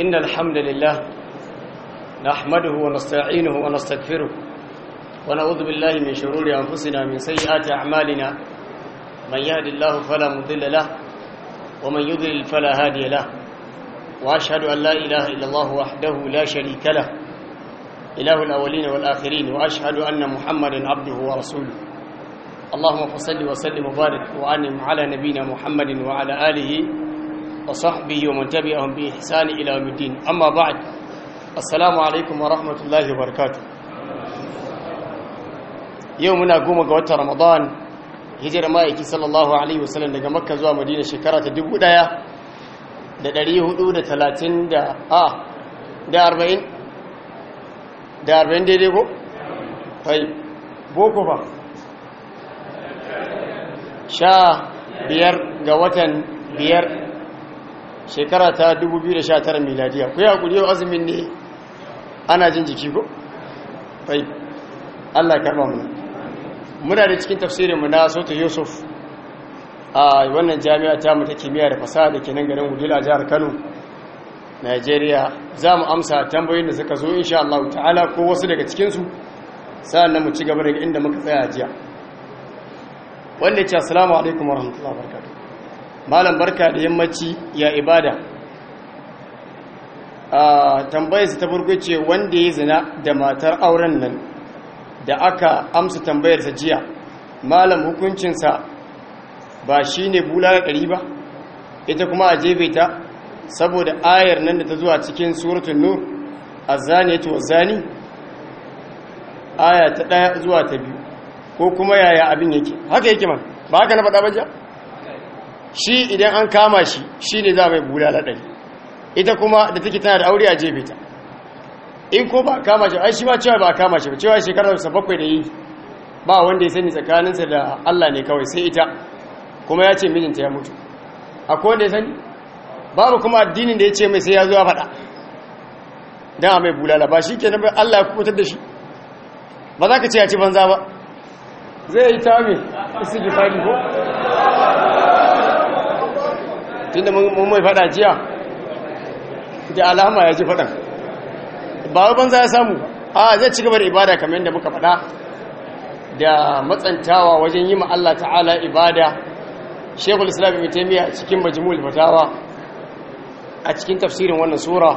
إن الحمد لله نحمده ونستعينه ونستغفره ونعوذ بالله من شرور أنفسنا من سيئات أعمالنا من يهد الله فلا مضل له ومن يضلل فلا هادي له وأشهد أن لا إله إلا الله وحده لا شريك له إله الأولين والآخرين وأشهد أن محمدا عبده ورسوله اللهم صل وسلم وبارك وأنم على نبينا محمد وعلى آله وصحبه ومن تبعهم بإحسان إلى يوم الدين أما بعد السلام عليكم ورحمة الله وبركاته يومنا قوم قوات رمضان هجر مائكي صلى الله عليه وسلم لقى مكة زوا مدينة شكرة دبو دايا da ɗari hudu da talatin da a da arba'in da arba'in daidai ko? hai boko ba sha biyar ga watan biyar shekara ta 2019 miladiya ku ya kuri yau azumin ne ana jin jiki ko fai Allah karba mu muna da cikin tafsirin mu na Sauta Yusuf a wannan jami'a ta mu ta kimiyya da fasaha da ke nan wujil a jihar Kano Najeriya za mu amsa tambayoyin da suka zo insha Allah ta'ala ko wasu daga cikinsu sa'an nan mu ci gaba daga inda muka tsaya jiya wanda ya ce assalamu alaikum warahmatullahi wabarakatuh malam barka da yammaci ya ibada a tambayarsa ta farko wanda ya zina da matar auren nan da aka amsa tambayarsa jiya malam hukuncinsa ba shi ne bulala ɗari ba ita kuma a jefe ta saboda ayar nan da ta zuwa cikin suratun nur a zane ta zani aya ta ɗaya zuwa ta biyu ko kuma yaya abin yake haka yake man ba haka na faɗa ba jiya shi idan an kama shi shi ne za mai bula laɗari ita kuma da take tana da aure a jefe ta in ko ba kama shi ai shi ma cewa ba kama shi ba cewa shekararsa bakwai da yi ba wanda ya sani tsakaninsa da Allah ne kawai sai ita kuma ya ce mijinta ya mutu akwai wanda ya sani babu kuma addinin da ya ce mai sai ya zo a faɗa don a mai bulala ba shi ke nan Allah ya kubutar da shi ba za ka ce ya ci banza ba zai yi tami isi gifari ko tunda mun mai fada jiya da alama ya ji fadan ba banza ya samu a zai ci gaba da ibada kamar yadda muka fada da matsantawa wajen yi ma Allah ta'ala ibada shekul islam ibn a cikin majimul fatawa a cikin tafsirin wannan sura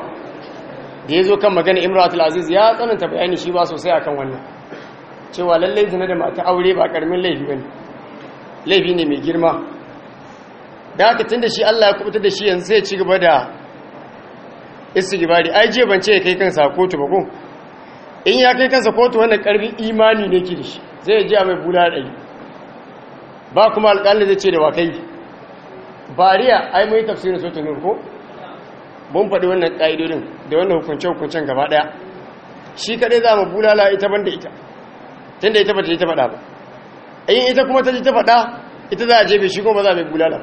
da ya zo kan magana imratul aziz ya tsananta bayani shi ba sosai akan wannan cewa lallai zina da mata aure ba karamin laifi laifi ne mai girma da haka tun da shi Allah ya kubuta da shi yanzu sai ci gaba da istighfari ai je ban ce kai kansa kotu ba ko in ya kai kansa kotu wannan karfin imani ne ke shi zai je a mai bula da ba kuma alƙalin zai ce da wakai bariya ai mai tafsirin sautin nur ko mun faɗi wannan ƙa'idodin da wannan hukunce-hukuncen gaba ɗaya shi kaɗai za mu bulala ita ban da ita tun da ita ba ta yi ta faɗa ba in ita kuma ta ji ta faɗa ita za a jefe shi kuma ba za a mai bulala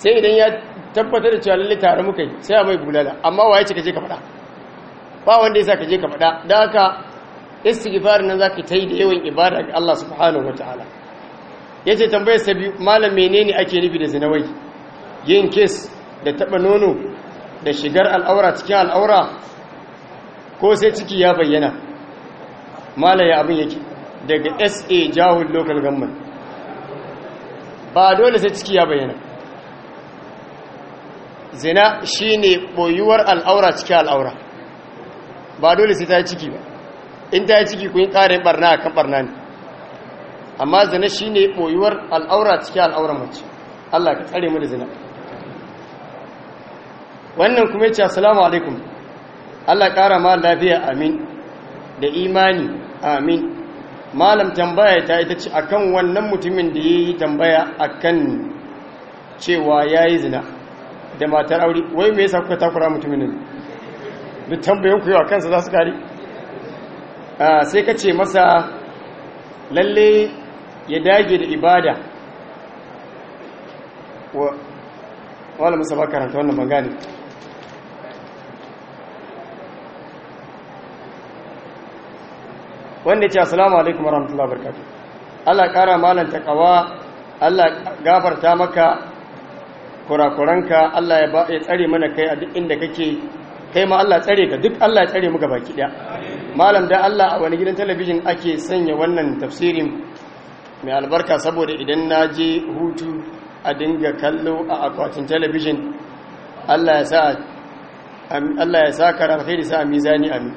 sai idan ya tabbatar da cewa lalle tare muka yi sai a mai bulala amma waye ce ka je ka faɗa ba wanda ya ka je ka faɗa da haka istighfar nan zaka ta yi da yawan ibada ga Allah subhanahu wataala yace tambayar sabi malam menene ake nufi da zinawai yin kes da taba nono da shigar al'aura cikin al'aura ko sai ciki ya bayyana ya abin yake daga SA Jahul Local Government ba dole sai ciki ya bayyana zina shi ne boyuwar al'aura cikin al'aura ba dole sai ta yi ciki ba in ta yi ciki kun yi ƙarin ɓarna a kan ɓarna ne amma zina shi ne boyuwar al'aura cikin al'aura mace Allah ka tsare mu da zina wannan kuma ya ce assalamu alaikum Allah ƙara ma lafiya amin da imani amin malam tambaya ta ita ce akan wannan mutumin da ya yi tambaya akan cewa ya yi zina da matar aure wai me yasa kuka takura mutumin nan da tambayan ku yawa kansa za su kare sai ka ce masa lalle ya dage da ibada wa wala musa ba karanta wannan magani wanda ya ce assalamu alaikum warahmatullahi wabarakatuh Allah ƙara malanta takawa Allah gafarta maka kurakuranka Allah ya tsare mana kai a duk inda kake kai ma Allah tsare ka duk Allah ya tsare muka baki daya malam da Allah a wani gidan talabijin ake sanya wannan tafsirin mai albarka saboda idan na je hutu a dinga kallo a akwatin talabijin Allah ya sa Allah ya sa karar da sa mizani amin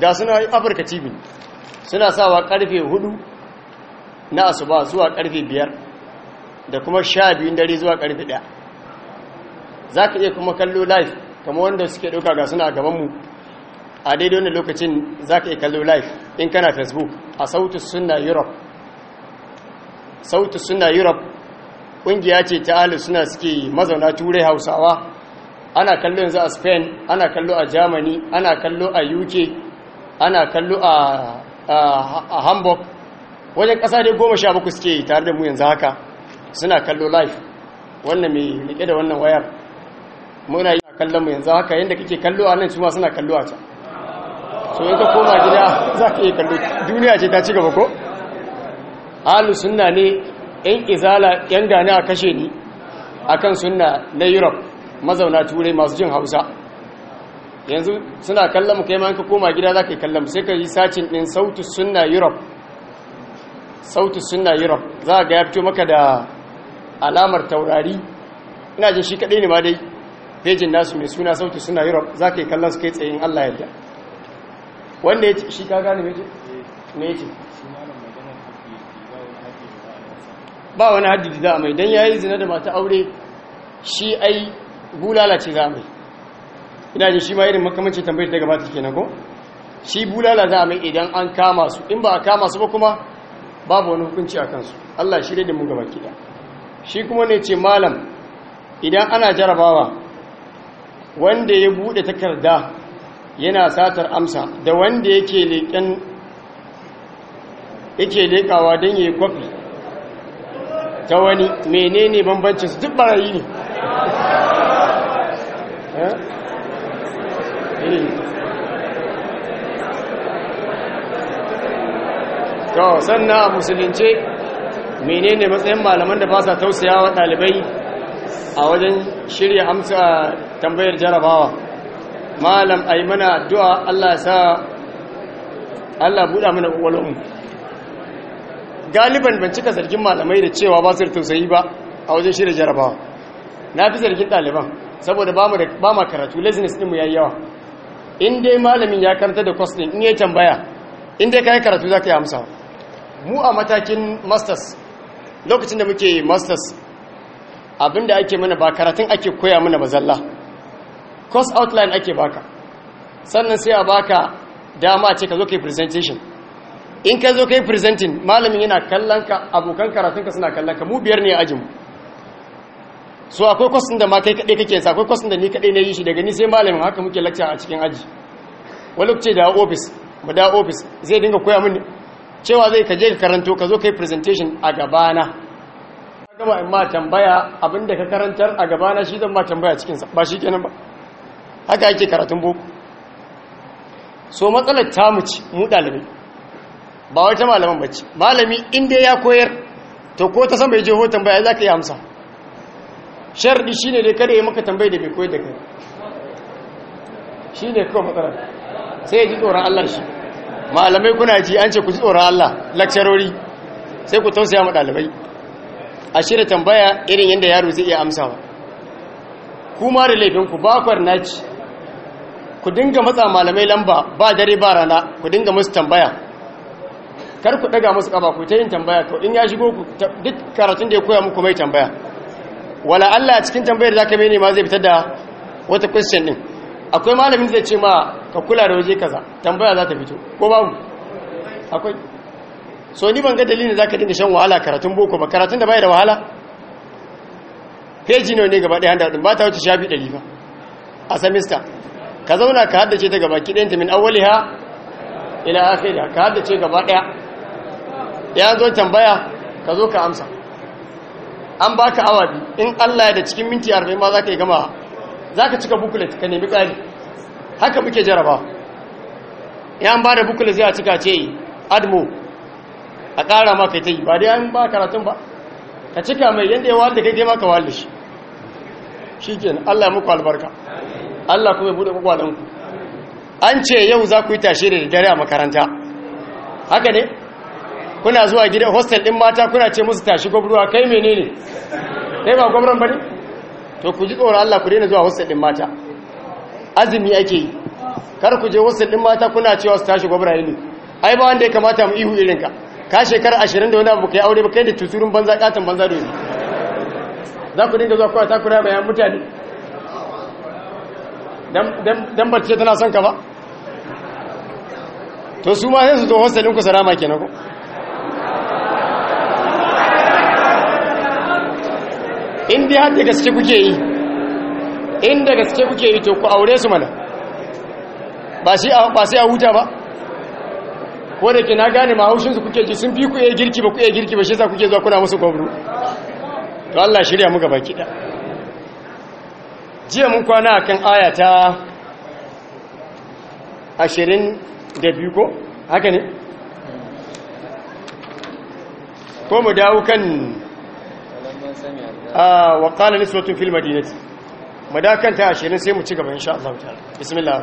da suna Afirka TV suna sawa karfe 4 na asuba zuwa karfe 5 da kuma sha biyun dare zuwa karfe 1 za ka iya kuma kallo live kamar wanda suke ɗauka ga suna gabanmu a daidai wani lokacin za ka iya kallo live in kana facebook a sautus suna europe sautus suna europe ƙungiya ce ta alis suna suke mazauna turai hausawa ana kallo yanzu a spain ana kallo a germany ana kallo a uk ana kallo a hamburg wajen ƙasa dai goma sha bakwai suke tare da mu yanzu haka suna kallo live wannan mai rike da wannan wayar muna yi kallon mu yanzu haka yadda kake kallo a nan suma suna kallo a can so yanka koma gida za ka iya kallo duniya ce ta ci gaba ko alu suna ne yan izala yan gane a kashe ni a kan suna na europe mazauna turai masu jin hausa yanzu suna kallon mu kai ma yanka koma gida za ka yi kallon mu sai ka yi sacin din sautu suna europe sautu sunna europe za ga ya fito maka da alamar taurari ina jin shi kaɗai ne ma dai pejin nasu mai suna sautu suna europe za ka yi kallon su kai tsayin allah yadda wanda ya ce shi ka gane mai ce ce ba wani haddidi za a mai don ya yi zina da mata aure shi ai bulala ce za a mai ina ji shi ma irin makamanci tambayar ta gabata kenan ko shi bulala za a mai idan an kama su in ba a kama su ba kuma babu wani hukunci a kansu allah shirya da mu gaba kida shi kuma ne ce malam idan ana jarabawa wanda ya bude takarda yana satar amsa da wanda yake leƙen yake leƙawa don yi kwafi ta wani menene bambancin su duk barayi ne eh? Eh. to sannan a musulunce menene matsayin malaman da ba sa tausaya wa ɗalibai a wajen shirya amsa tambayar jarabawa malam ai mana addu'a Allah sa Allah buɗa mana ƙwaƙwalwarmu galiban ban cika zargin malamai da cewa ba su da tausayi ba a wajen shirya jarabawa na fi zargin ɗaliban saboda ba ma karatu laziness ɗinmu ya yi yawa in dai malamin ya karanta da kwas ɗin in ya tambaya in dai ka karatu za ka yi amsa mu a matakin masters lokacin da muke masters abinda ake mana ba karatun ake koya mana mazalla course outline ake baka sannan sai a baka dama ce ka zo kai presentation in ka zo kai presenting malamin yana kallon ka abokan karatun ka suna kallon ka mu biyar ne a ajinmu so akwai kwasin da ma kai kaɗai kake sa akwai kwasin da ni kaɗai na yi shi daga ni sai malamin haka muke lakta a cikin aji wani ce da ofis ba da ofis zai dinga koya mini cewa zai kaje ka karanto ka zo kai presentation a gabana gama in ma tambaya abinda ka karantar a gabana shi zan ma tambaya cikinsa ba shi kenan ba haka yake karatun boko so matsalar tamu ce mu dalibai ba wata malaman bacci malami inda ya koyar to ko ta san bai je hoton baya za ka yi amsa sharɗi shi ne dai kada ya maka tambayi da bai koyar da kai shi ne kawai matsalar sai ya ji tsoron allah shi malamai kuna ji an ce ku ji tsoron allah lakcarori sai ku tausaya ma dalibai a shirya tambaya irin yadda yaro zai iya amsawa kuma da laifinku bakwar naci ku dinga matsa malamai lamba ba dare ba rana ku dinga musu tambaya kar ku daga musu kafa ku ta yin tambaya to in ya shigo ku duk karatun da ya koya muku mai tambaya wala Allah cikin tambayar da ka mai ne ma zai fitar da wata question din akwai malamin zai ce ma ka kula da waje kaza tambaya za ta fito ko babu akwai so ni ban ga dalilin da zaka dinga shan wahala karatun boko ba karatun da bai da wahala peji ne gaba ɗaya handa ba ta wuce shafi ɗari ba a semester ka zauna ka haddace ta gaba kidanta min awwaliha ila akhirha ka haddace gaba daya ya zo tambaya ka zo ka amsa an baka awa bi in Allah ya da cikin minti 40 ma za ka yi gama za ka cika booklet ka nemi kari haka muke jaraba ya an bada booklet zai a cika ce admo a ƙara ma kai ta yi ba dai an ba karatun ba ka cika mai yadda ya wahal da kai dai ma ka wahal Shi shi shi Allah muku albarka Allah kuma ya bude kwakwalen ku an ce yau za ku yi tashe da dare a makaranta haka ne kuna zuwa gida hostel din mata kuna ce musu tashi gwabruwa kai mene ne kai ba gwabran ne to ku ji tsoron Allah ku daina zuwa hostel din mata azumi ake yi kar ku je hostel din mata kuna cewa su tashi gwabra ne ai ba wanda ya kamata mu ihu irin ka ka shekara 20 da wani abu kai aure ba kai da tusurun banza katan banza da za ku dinga zuwa kawai takura bayan mutane dan bace tana son ka ba to su ma sai su to hostelin ku sarama kenan ko in dai haɗe gaske kuke yi in da gaske kuke yi to ku aure su mana ba shi ba sai a huta ba ko da ke na gane ma haushin su kuke ji sun fi ku iya girki ba ku iya girki ba shi yasa kuke zuwa kuna musu kwabru to Allah shirya muka baki da jiya mun kwana a kan ayata ta 22 ko haka ne ko mu dawo kan wa waƙala nisbatun fil madinati mu da kan ta 20 sai mu ci gaba insha Allah ta'ala bismillah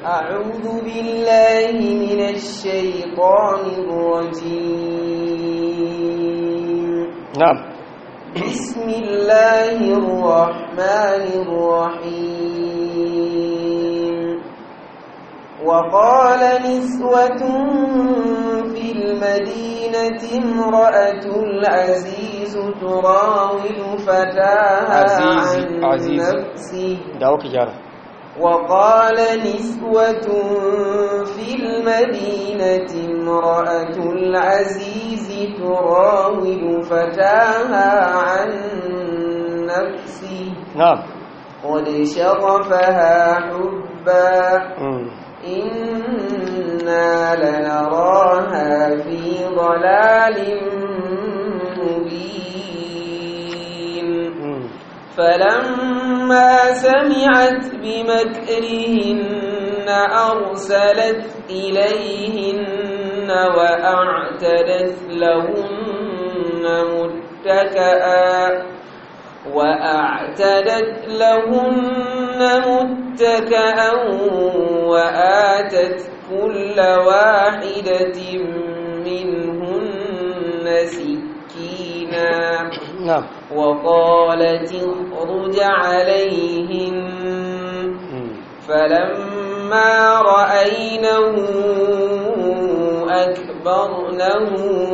أعوذ بالله من الشيطان الرجيم نعم بسم الله الرحمن الرحيم وقال نسوة في المدينة امرأة العزيز تراود فتاها عن نفسه وقال نسوة في المدينة امرأة العزيز تراود فتاها عن نفسه نعم قد شغفها حبا إنا لنراها في ضلال فلما سمعت بمكرهن أرسلت إليهن وأعتدت لهن متكأ وأعتدت لهن متكئا وآتت كل واحدة منهن سكينا نعم وقالت اخرج عليهم فلما رأينه أكبرنه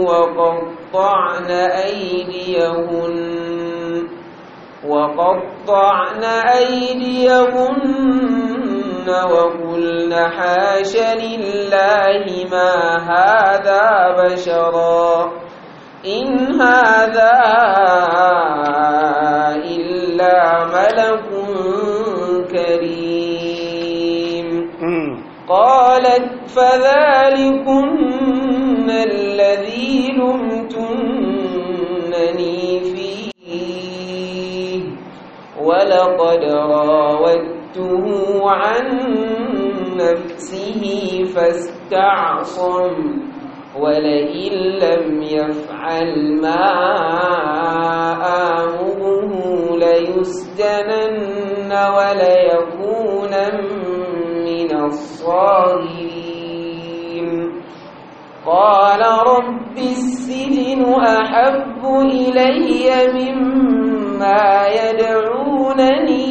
وقطعن أيديهن وقطعن أيديهن وقلن حاش لله ما هذا بشرا إن هذا إلا ملك كريم قالت فذلكن الذي لمتنني فيه ولقد راودته عن نفسه فاستعصم ولئن لم يفعل ما آمره ليسجنن وليكون من الصاغرين قال رب السجن أحب إلي مما يدعونني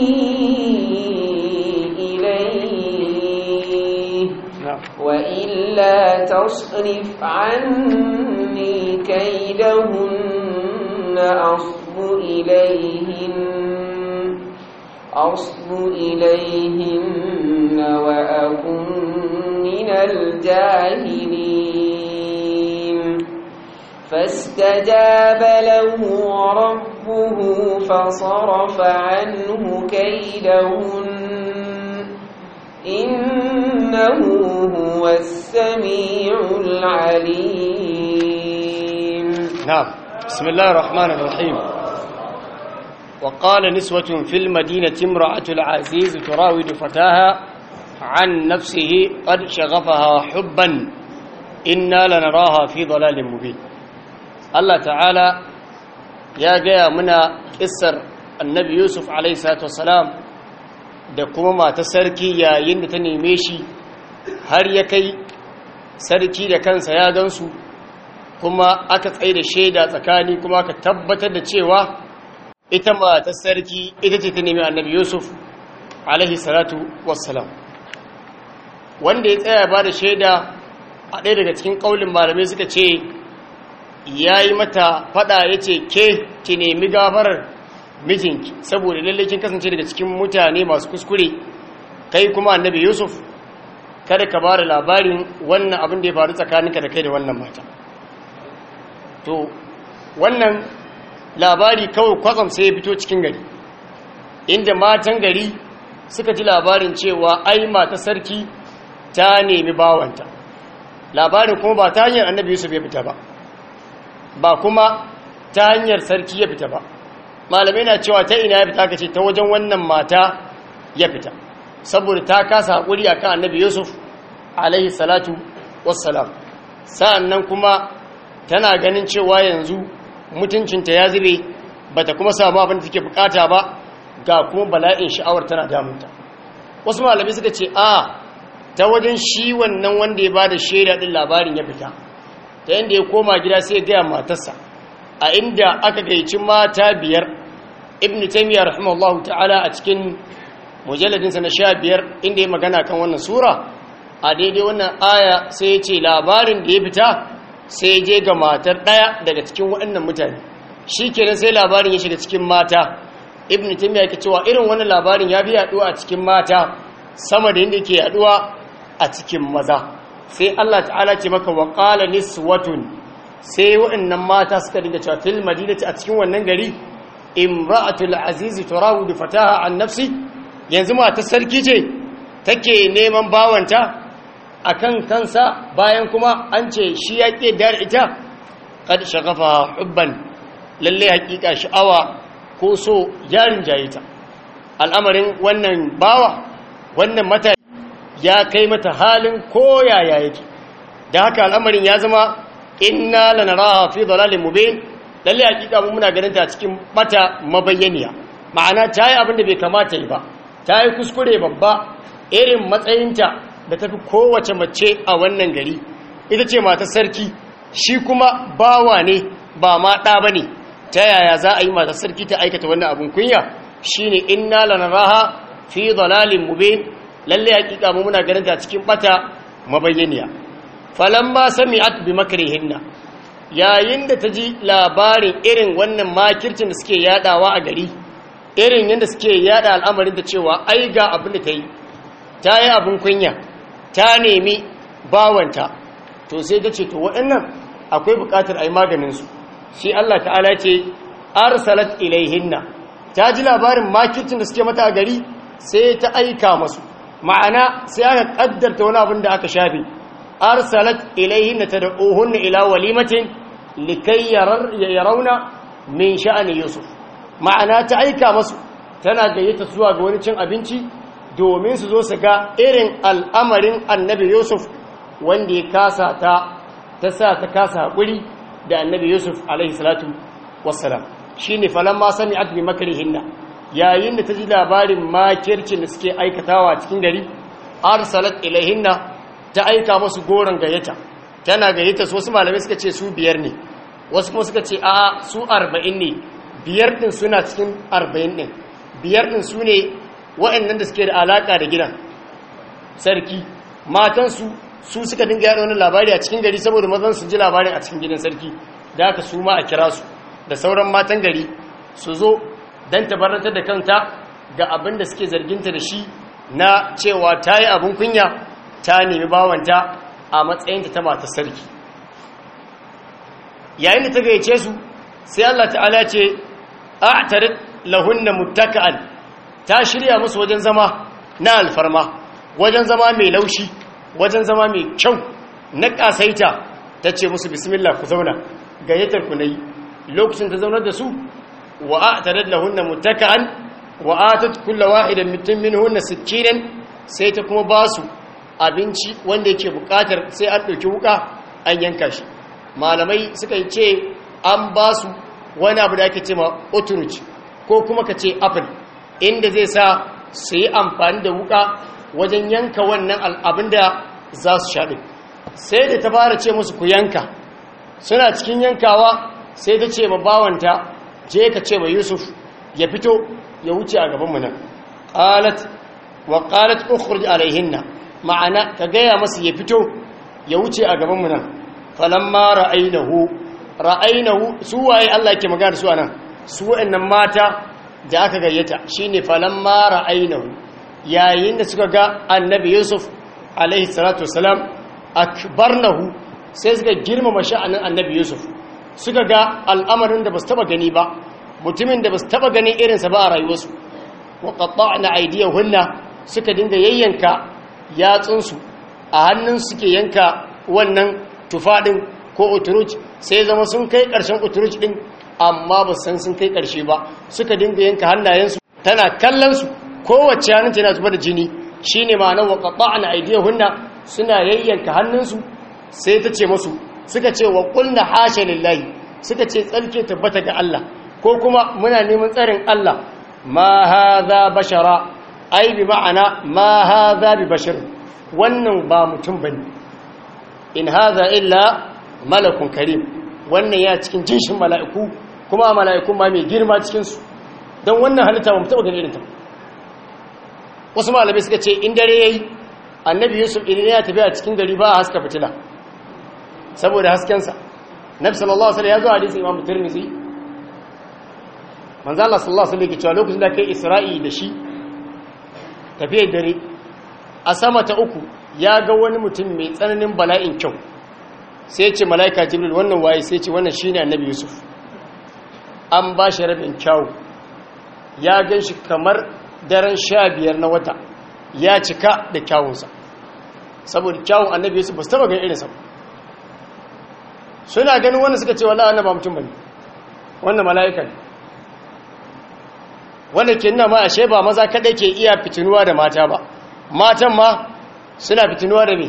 إليه نعم. وإلا لا تصرف عني كيدهن أصب إليهن أصب إليهن وأكن من الجاهلين فاستجاب له ربه فصرف عنه كيدهن إن إنه هو السميع العليم نعم بسم الله الرحمن الرحيم وقال نسوة في المدينة امرأة العزيز تراود فتاها عن نفسه قد شغفها حبا إنا لنراها في ضلال مبين الله تعالى يا جاء منا إسر النبي يوسف عليه الصلاة والسلام da kuma matar sarki yayin da ta neme shi har ya kai sarki da kansa ya gansu kuma aka tsaye da shaida tsakani kuma aka tabbatar da cewa ita matar sarki ita ce ta nemi annabi yusuf alaihi salatu wassalam wanda ya tsaya ba da shaida a ɗaya daga cikin ƙaulin malamai suka ce ya yi mata faɗa ya ce ke ki nemi gafarar mijinki saboda lallai kasance daga cikin mutane masu kuskure kai kuma annabi yusuf kada ka bada labarin wannan abin da ya faru tsakaninka da kai da wannan mata to wannan labari kawai kwatsam sai ya fito cikin gari inda matan gari suka ji labarin cewa ai mata sarki ta nemi bawanta labarin kuma ba ta hanyar annabi yusuf ya fita ba ba kuma ta hanyar sarki ya fita ba malamai na cewa ta ina ya fita ka ce ta wajen wannan mata ya fita saboda ta kasa haƙuri kan annabi yusuf alaihi salatu wassalam sa'annan kuma tana ganin cewa yanzu mutuncinta ya zube bata kuma samu abin da take bukata ba ga kuma bala'in sha'awar tana damunta wasu malami suka ce a ta wajen shi wannan wanda ya da shaida ɗin labarin ya fita ta yadda ya koma gida sai gaya matarsa a inda aka gaici mata biyar ibn taymiyyah rahimahullahu ta'ala a cikin mujalladinsa na sha biyar inda ya magana kan wannan sura a daidai wannan aya sai ya ce labarin da ya fita sai ya je ga matar ɗaya daga cikin waɗannan mutane shi kenan sai labarin ya shiga cikin mata ibn timiya ke cewa irin wannan labarin ya bi yaɗuwa a cikin mata sama da yadda ke yaɗuwa a cikin maza sai allah ta'ala ce maka wa ƙala niswatun sai waɗannan mata suka dinga cewa fil madinati a cikin wannan gari imra'atul azizi turawu bi fataha an nafsi yanzu mata sarki ce take neman bawanta a kan kansa bayan kuma an ce shi ya ke dar ita kad shagafa hubban lalle hakika sha'awa ko so jarin ta al'amarin wannan bawa wannan mata ya kai mata halin koyaya yake da haka al'amarin ya zama inna lanaraha fi dalalin mubin lalle hakika mun muna ganin ta cikin mata mabayyaniya ma'ana ta yi abin da bai kamata yi ba ta yi kuskure babba irin matsayinta da tafi kowace mace a wannan gari ita ce mata sarki shi kuma bawa ne ba ma ɗa ba ne ta yaya za a yi mata sarki ta aikata wannan abin kunya shi ne inna lanaraha fi zalalin mube lalle ƙiƙa mu muna ganin cikin ɓata mabayyaniya sami at bi hinna yayin da ta ji labarin irin wannan makircin da suke yadawa a gari irin yadda suke yada al'amarin da cewa ai ga abin da ta yi ta yi abin kunya ta nemi bawanta to sai ta ce to waɗannan akwai buƙatar a yi maganinsu shi Allah ta'ala ce arsalat ilaihinna ta ji labarin makicin da suke mata a gari sai ta aika masu ma'ana sai aka ƙaddarta wani abin da aka shafe arsalat ilaihinna ta da ohun ila walimatin likai ya rauna min sha'ani yusuf ma'ana ta aika masu tana gayyata zuwa ga wani cin abinci domin su zo su ga irin al'amarin annabi yusuf wanda ya kasa ta ta sa ta kasa haƙuri da annabi yusuf alaihi salatu wassalam shi ne falon ma sami adbi hinna yayin da ta ji labarin makircin da suke aikatawa cikin gari arsalat ilaihinna ta aika masu goron gayyata tana gayyata su wasu malamai suka ce su biyar ne wasu kuma suka ce a su arba'in ne biyar din suna cikin arba'in ɗin biyar din su ne wa'annan da suke da alaka da gidan sarki matansu su suka dinga yaɗa wani labari a cikin gari saboda mazan su ji labarin a cikin gidan sarki da aka su ma a kira su da sauran matan gari su zo don tabarantar da kanta ga abin da suke zarginta da shi na cewa ta yi abin kunya ta nemi bawanta a matsayinta ta matar sarki yayin da ta gayyace su sai Allah ta'ala ce a'tarid lahunna muttaka'an ta shirya musu wajen zama na alfarma wajen zama mai laushi wajen zama mai kyau na kasaita ta ce musu bismillah ku zauna gayyatar ku nayi lokacin ta zaunar da su wa a'tarid lahunna muttaka'an wa atat kullu wahidan minhunna sikinan sai ta kuma basu abinci wanda yake bukatar sai an ɗauki wuka an yanka shi malamai suka ce an basu. wani abu da ake ce ma oturuci ko kuma ka ce apple inda zai sa su yi amfani da wuka wajen yanka wannan al'abin da za su shaɗi sai da ta fara ce musu ku yanka suna cikin yankawa sai ta ce ma bawanta je ka ce ma yusuf ya fito ya wuce a gabanmu nan ƙalat wa ƙalat ukhruj alaihinna ma'ana ka gaya masu ya fito ya wuce a gabanmu nan falamma ra'ainahu ra'ainahu su waye Allah yake magana su anan su wayannan mata da aka gayyata shine falamma ra'ainahu yayin da suka ga annabi Yusuf alaihi salatu wasalam akbarnahu sai suka girmama sha'anin annabi Yusuf suka ga al'amarin da basu taba gani ba mutumin da basu taba irin sa ba a rayuwarsu wa qatta'na aydiyahunna suka dinga yayyanka yatsunsu a hannun suke yanka wannan tufadin ko uturuj sai zama sun kai ƙarshen uturuj ɗin amma ba san sun kai karshe ba suka dinga yanka hannayensu tana kallon kallonsu kowace hannun tana zuba da jini shine ne ma nan waƙaɓa na aidiyar hunna suna yayyanka hannunsu sai ta ce masu suka ce wa qulna hashe lillahi suka ce tsarki tabbata ga Allah ko kuma muna neman tsarin Allah ma hadha bashara ai bi ma'ana ma hadha bi bashar wannan ba mutum bane in haza illa malakun karim wannan ya cikin jinshin mala'iku kuma mala'ikun ma mai girma cikinsu don wannan halitta ba mu taɓa gani irinta wasu malamai suka ce in dare ya yi annabi yusuf idan ya tafi a cikin gari ba a haska fitila saboda haskensa nabi sallallahu alaihi ya zo hadisi imam tirmidhi manzo Allah sallallahu alaihi wasallam lokacin da kai isra'i da shi tafiyar dare a sama ta uku ya ga wani mutum mai tsananin bala'in kyau sai ce mala'ika jibril wannan waye sai ce wannan shine annabi yusuf an ba shi rabin kyawu ya gan shi kamar daren sha biyar na wata ya cika da kyawunsa saboda kyawun annabi yusuf ba su taba gan irinsa suna ganin wannan suka ce wallahi ba mutum bane wannan mala'ika ne wanda ke nuna ma ashe ba maza kaɗai ke iya fitinuwa da mata ba matan ma suna fitinuwa da me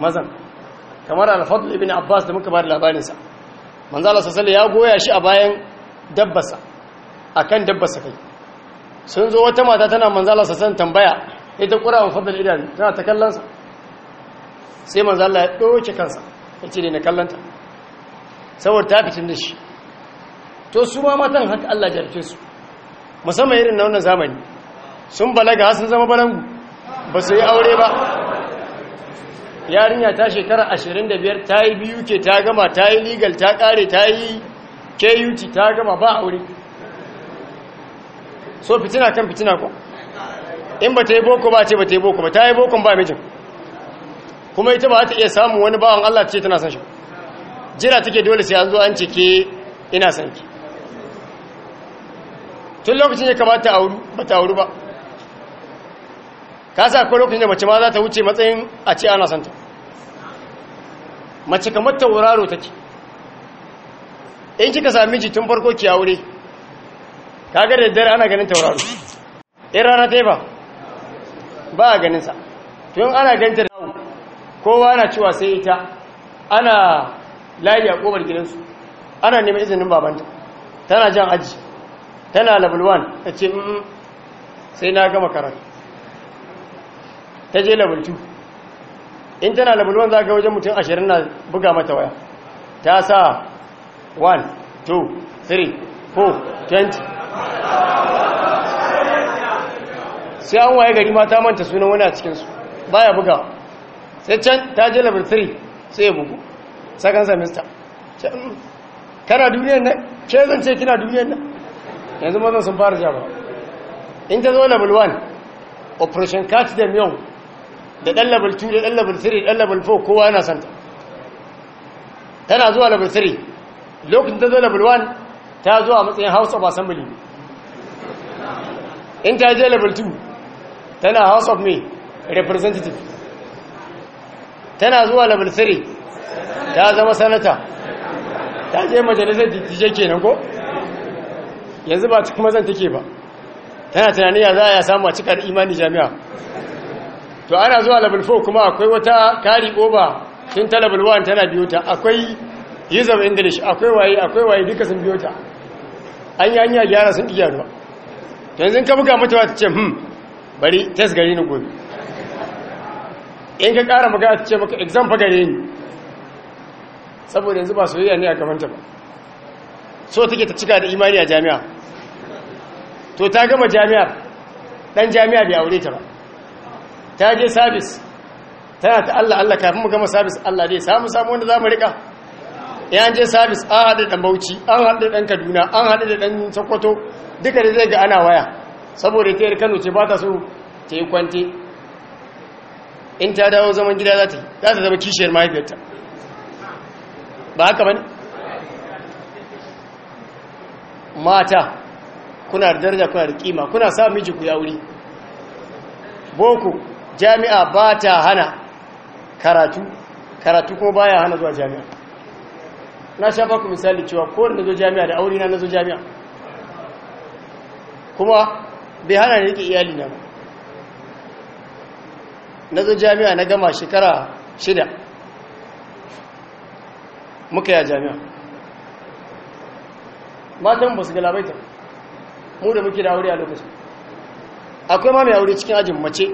mazan kamar al-fadl ibn abbas da muka bari labarinsa manzo Allah ya goya shi a bayan dabbasa akan dabbasa kai sun zo wata mata tana manzo Allah sallallahu tambaya ita qura'an fadl idan tana ta kallonsa. sai manzo Allah ya doke kansa yace ne na kallonta saboda ta fitin da shi to su ma matan haka Allah jarfe su musamman irin na wannan zamani sun balaga sun zama barangu ba su yi aure ba yarinya ta shekara biyar ta yi biyu ke ta gama ta yi legal ta kare ta yi KUT ta gama ba aure so fitina kan fitina ko in ba ta yi boko ba ce ba ta yi boko ba ta yi bokon ba mijin kuma ita ba ta iya samun wani bawan Allah ce tana san shi jira take dole sai an zo an cike ina san ki tun lokacin ya kamata wuri ba ta auru ba ka sa akwai lokacin da mace ma za ta wuce matsayin a ce ana santa mace kamar tauraro take in kika sami miji tun farko ki aure kaga da daddare ana ganin tauraro in rana ta yi ba ba a ganinsa tun ana ganta da kowa na cewa sai ita ana layi a kowar gidansu ana neman izinin babanta tana jan aji tana labulwan 1 ta ce mm, sai na gama karatu ta je level 2 in tana level 1 za ga wajen mutum 20 na buga mata waya ta sa 1 2 3 4 20 sai an waye gari mata manta sunan wani a cikinsu baya buga sai can ta je level 3 sai ya bugu second semester hmm, kana duniyar nan ke zan ce kina duniyar nan yanzu mazan sun fara jaba in ta zo level 1 operation cut them young da dan level 2 da dan level 3 dan level 4 kowa yana santa tana zuwa level 3 lokacin ta zo level 1 ta zuwa matsayin house of assembly in ta je level 2 tana house of me representative tana zuwa level 3 ta zama sanata ta je majalisar dijje kenan ko yanzu ba ta kuma zan take ba tana tunaniya za a samu a cikar imani jami'a to ana zuwa level 4 kuma akwai wata kari over tun ta level 1 tana biyo ta akwai use of english akwai waye akwai waye duka sun biyo ta an yi hanya gyara sun iya ruwa to yanzu ka buga mutuwa ta ce hmm bari test gari ni gobe in ka kara magana ta ce maka exam fa gare ni saboda yanzu ba soyayya ne a ta ba so take ta cika da imani a jami'a to ta gama jami'ar dan jami'a bai aure ta ba ta je sabis tana ta Allah Allah kafin mu gama sabis Allah dai samu samu wanda za mu rika yan je sabis an haɗe ɗan bauchi an haɗe ɗan kaduna an haɗe da ɗan sokoto duka da zai ga ana waya saboda ta yi kano ce ba ta so ta yi kwante in ta dawo zaman gida za ta yi za ta zama kishiyar mahaifiyarta ba haka ba ne mata kuna da daraja kuna da kima kuna sa miji ku ya wuri boko jami'a ba ta hana karatu karatu ko baya hana zuwa jami'a na sha baku misali cewa ko da zo jami'a da aure na nazo zo jami'a kuma bai hana ni riƙe iyali na na zo jami'a na gama shekara shida muka ya jami'a matan ba su galabaita mu da muke da aure a lokacin akwai ma mai aure cikin ajin mace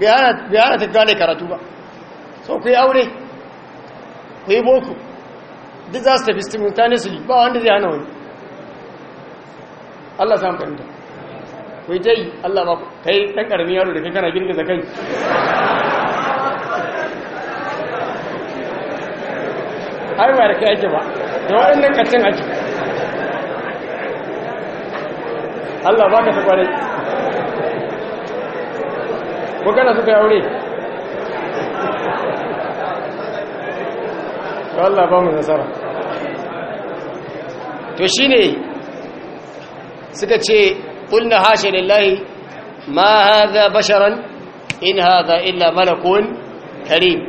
bai hana ta gane karatu ba so ku yi aure ku yi boko duk za su tafi simultaneously ba wanda zai hana wani Allah samu fahimta ku yi ta yi Allah ba yi ɗan ƙaramin yaro da kai kana girgiza kai har ba da kai ake ba da waɗannan kacin ake Allah ba ka ta kwarai ko kana suka yi aure Allah ba mu nasara to shine suka ce qulna hasha lillahi ma hadha basharan in hadha illa malakun karim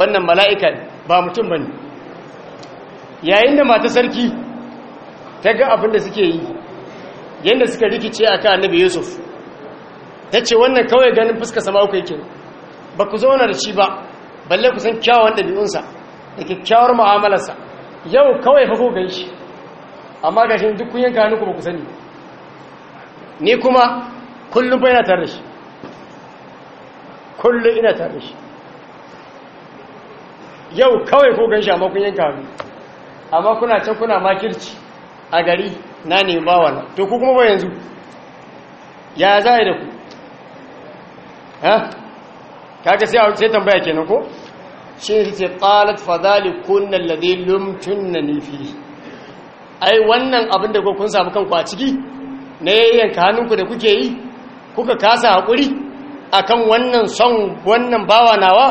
wannan mala'ikan ba mutum bane yayin da mata sarki ta ga abin da suke yi yadda suka rikice akan annabi yusuf ta ce wannan kawai ganin fuska sama uku yake ba ku zauna da shi ba balle ku san kyawun ɗabi'unsa da kyakkyawar mu'amalarsa yau kawai fa ko gan shi amma ga shi duk kun yanka hannu ba ku sani ni kuma kullum ba ina tare da shi kullum ina tare da shi yau kawai ko gan shi amma kun yanka hannu amma kuna can kuna makirci a gari na ne ba wannan to ku kuma ba yanzu ya za da ku ha kaga sai tambaya kenan ko shi ne ce qalat lade lumtun na nufi ai wannan abin da kun samu kanku a ciki ne yanka hannunku da kuke yi kuka kasa hakuri akan wannan son wannan bawa nawa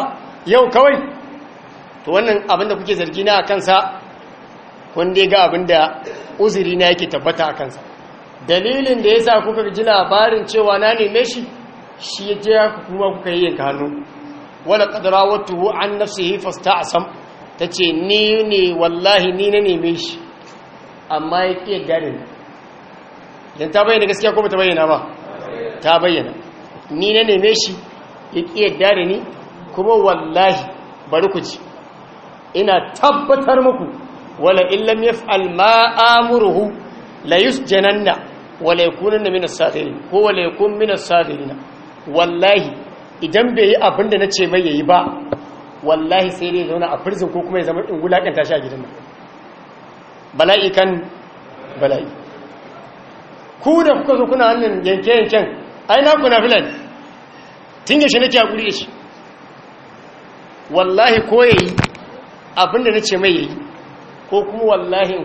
yau kawai to wannan abin da kuke zargi na a kansa kun ga abin da uzuri na yake tabbata a kansa. dalilin da ya sa kuka ji labarin cewa na neme shi shi ya je ku kuma kuka yi yanka hannu wala kadara wata hu an nafsi fasta a sam ta ce ni ne wallahi ni na neme shi amma ya ƙi garin yan ta bayyana gaskiya ko ba ta bayyana ba ta bayyana ni na neme shi ya ƙi garin ni kuma wallahi bari ku ci ina tabbatar muku wala illam yaf'al ma amuruhu la yusjananna wala yakunanna min as-sagirin ko wala yakun min as-sagirina wallahi idan bai yi abin da na ce mai yayi ba wallahi sai dai zauna a firzin ko kuma ya zama ingula kan tashi a gidan nan bala'i kan bala'i ku da kuka zo kuna wannan yanke-yanken ai na kuna filan tun yaushe nake hakuri da shi wallahi ko yayi abin da na ce mai yayi ko kuma wallahi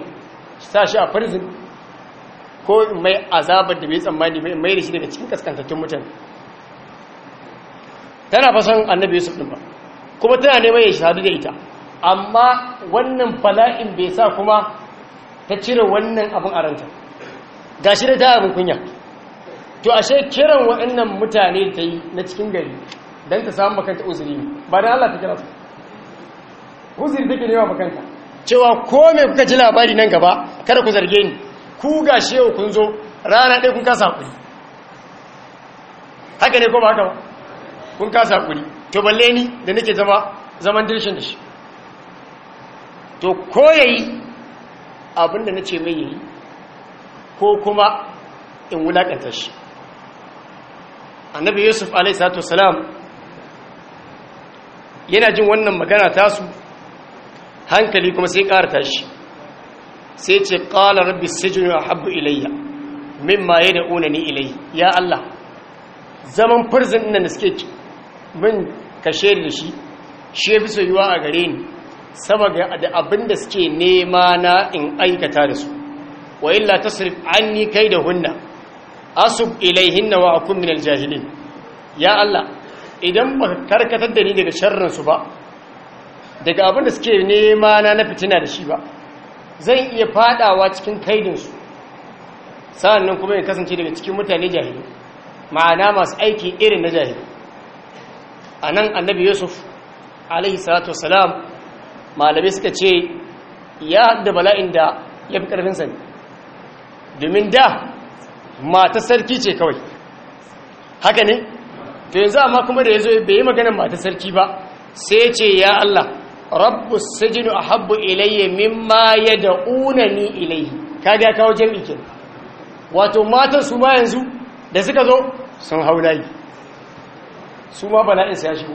sa shi a firzin ko mai azabar da bai tsammani mai da shi daga cikin kaskantattun mutane tana fasan annabi yusuf din ba kuma tana neman ya shahadu da ita amma wannan bala'in bai sa kuma ta cire wannan abin a ranta ga shi da ta abin kunya to ashe kiran waɗannan mutane ta yi na cikin gari don ta samu makanta uzuri ne ba da Allah ta kira su uzuri take nema makanta cewa ko me kuka ji labari nan gaba kada ku zarge ni ku ga shehu kun zo rana ɗaya kun kasa kuɗi haka ne ko ba haka ba kun kasa hakuri to balle ni da nake zama zaman dirshin da shi to ko yayi abinda nace mai yi ko kuma in wulakanta shi annabi yusuf alaihi salatu wasalam yana jin wannan magana tasu hankali kuma sai ƙara tashi sai ce qala rabbi sijinu a habbu ilayya mimma ya ilayya ya Allah zaman farzin nan da suke min kashe da shi shi ya fi soyuwa a gare ni saboda da abin da suke nema na in aikata da su wa illa tasrif anni kai da hunna asub hinna wa akun min aljahilin ya Allah idan ba karkatar da ni daga sharrin su ba daga abin da suke nema na na fitina da shi ba zan iya fadawa cikin kaidin su sa'annan kuma ya kasance daga cikin mutane jahili ma'ana masu aiki irin na jahili a nan annabi yusuf alaihi salatu wasalam malamai suka ce ya da bala'in da ya fi ƙarfinsa ne domin da mata sarki ce kawai haka ne to yanzu amma kuma da ya zo bai yi maganin mata sarki ba sai ce ya Allah rabbu sajinu a habbu ilayya mimma ya da'unani ilayya kaga kawo jam'i wato matan su ma yanzu da suka zo sun hau haulayi su ma bala'in sa ya shigo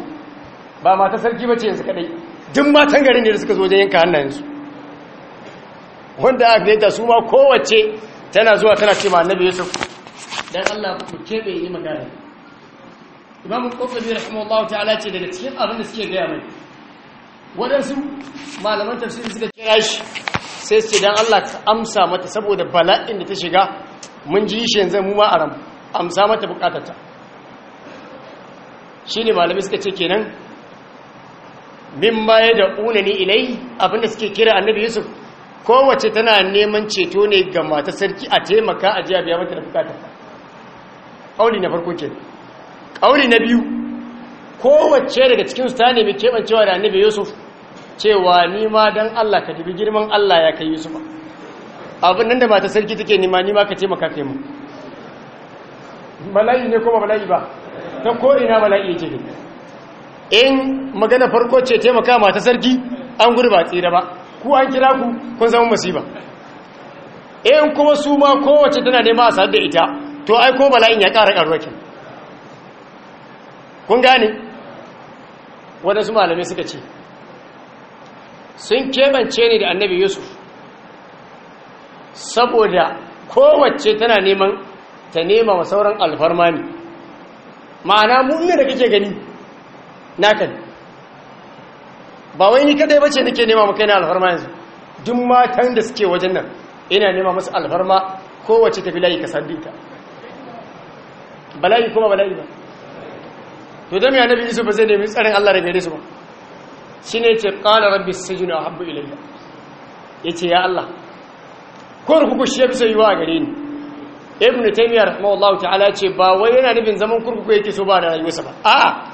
ba mata sarki ba ce yanzu kadai duk matan garin ne da suka zo wajen yanka hannayensu wanda aka daita su ma kowace tana zuwa tana ce ma annabi yusuf dan Allah ku kebe yi magana imam qurtubi rahimahullahu ta'ala ce daga cikin abin da suke gaya mai wadansu malaman tafsiri suka kira shi sai su ce dan Allah ka amsa mata saboda bala'in da ta shiga mun ji shi yanzu mu ma aram amsa mata bukatarta Shi ne malamai suka ce kenan min ya da'una ni ilai abinda suke kira annabi yusuf kowace tana neman ceto ne ga mata sarki a taimaka a jiya biya mata da bukata ƙauli na farko ke ƙauli na biyu kowace daga cikin su ta nemi keɓancewa da annabi yusuf cewa nima don allah ka dubi girman allah ya kai yusuf abin nan da mata sarki take nima nima ka taimaka kai mu bala'i ne kuma bala'i ba ta ko'ina bala yake ne in magana farko ce taimaka mata sarki an gudu ba tsira ba ku an kira ku kun zama masiba. in kuma su ma kowace tana nema a sadar da ita to ai ko bala'in ya ƙara ƙarwakin kun gane waɗansu malamai suka ce sun keɓance ne da annabi yusuf saboda kowace tana neman ta nema wa sauran alfarmami. ma'ana mu'min da kake gani naka ne ba wai ni kadai bace nake nema maka ina alfarma yanzu duk matan da suke wajen nan ina nema musu alfarma kowace ta layi ka sandinta bala'i kuma bala'i ba to dan ya nabi Isa ba zai nemi tsarin Allah da gare su ba shine ce qala rabbi sajinu habbu ilayya yace ya Allah ko ruku ku shi yafi sai yiwa gare ni ibn taymiyyah rahimahullahu ta'ala ce ba wai yana nufin zaman kurkuku yake so ba da rayuwarsa ba a'a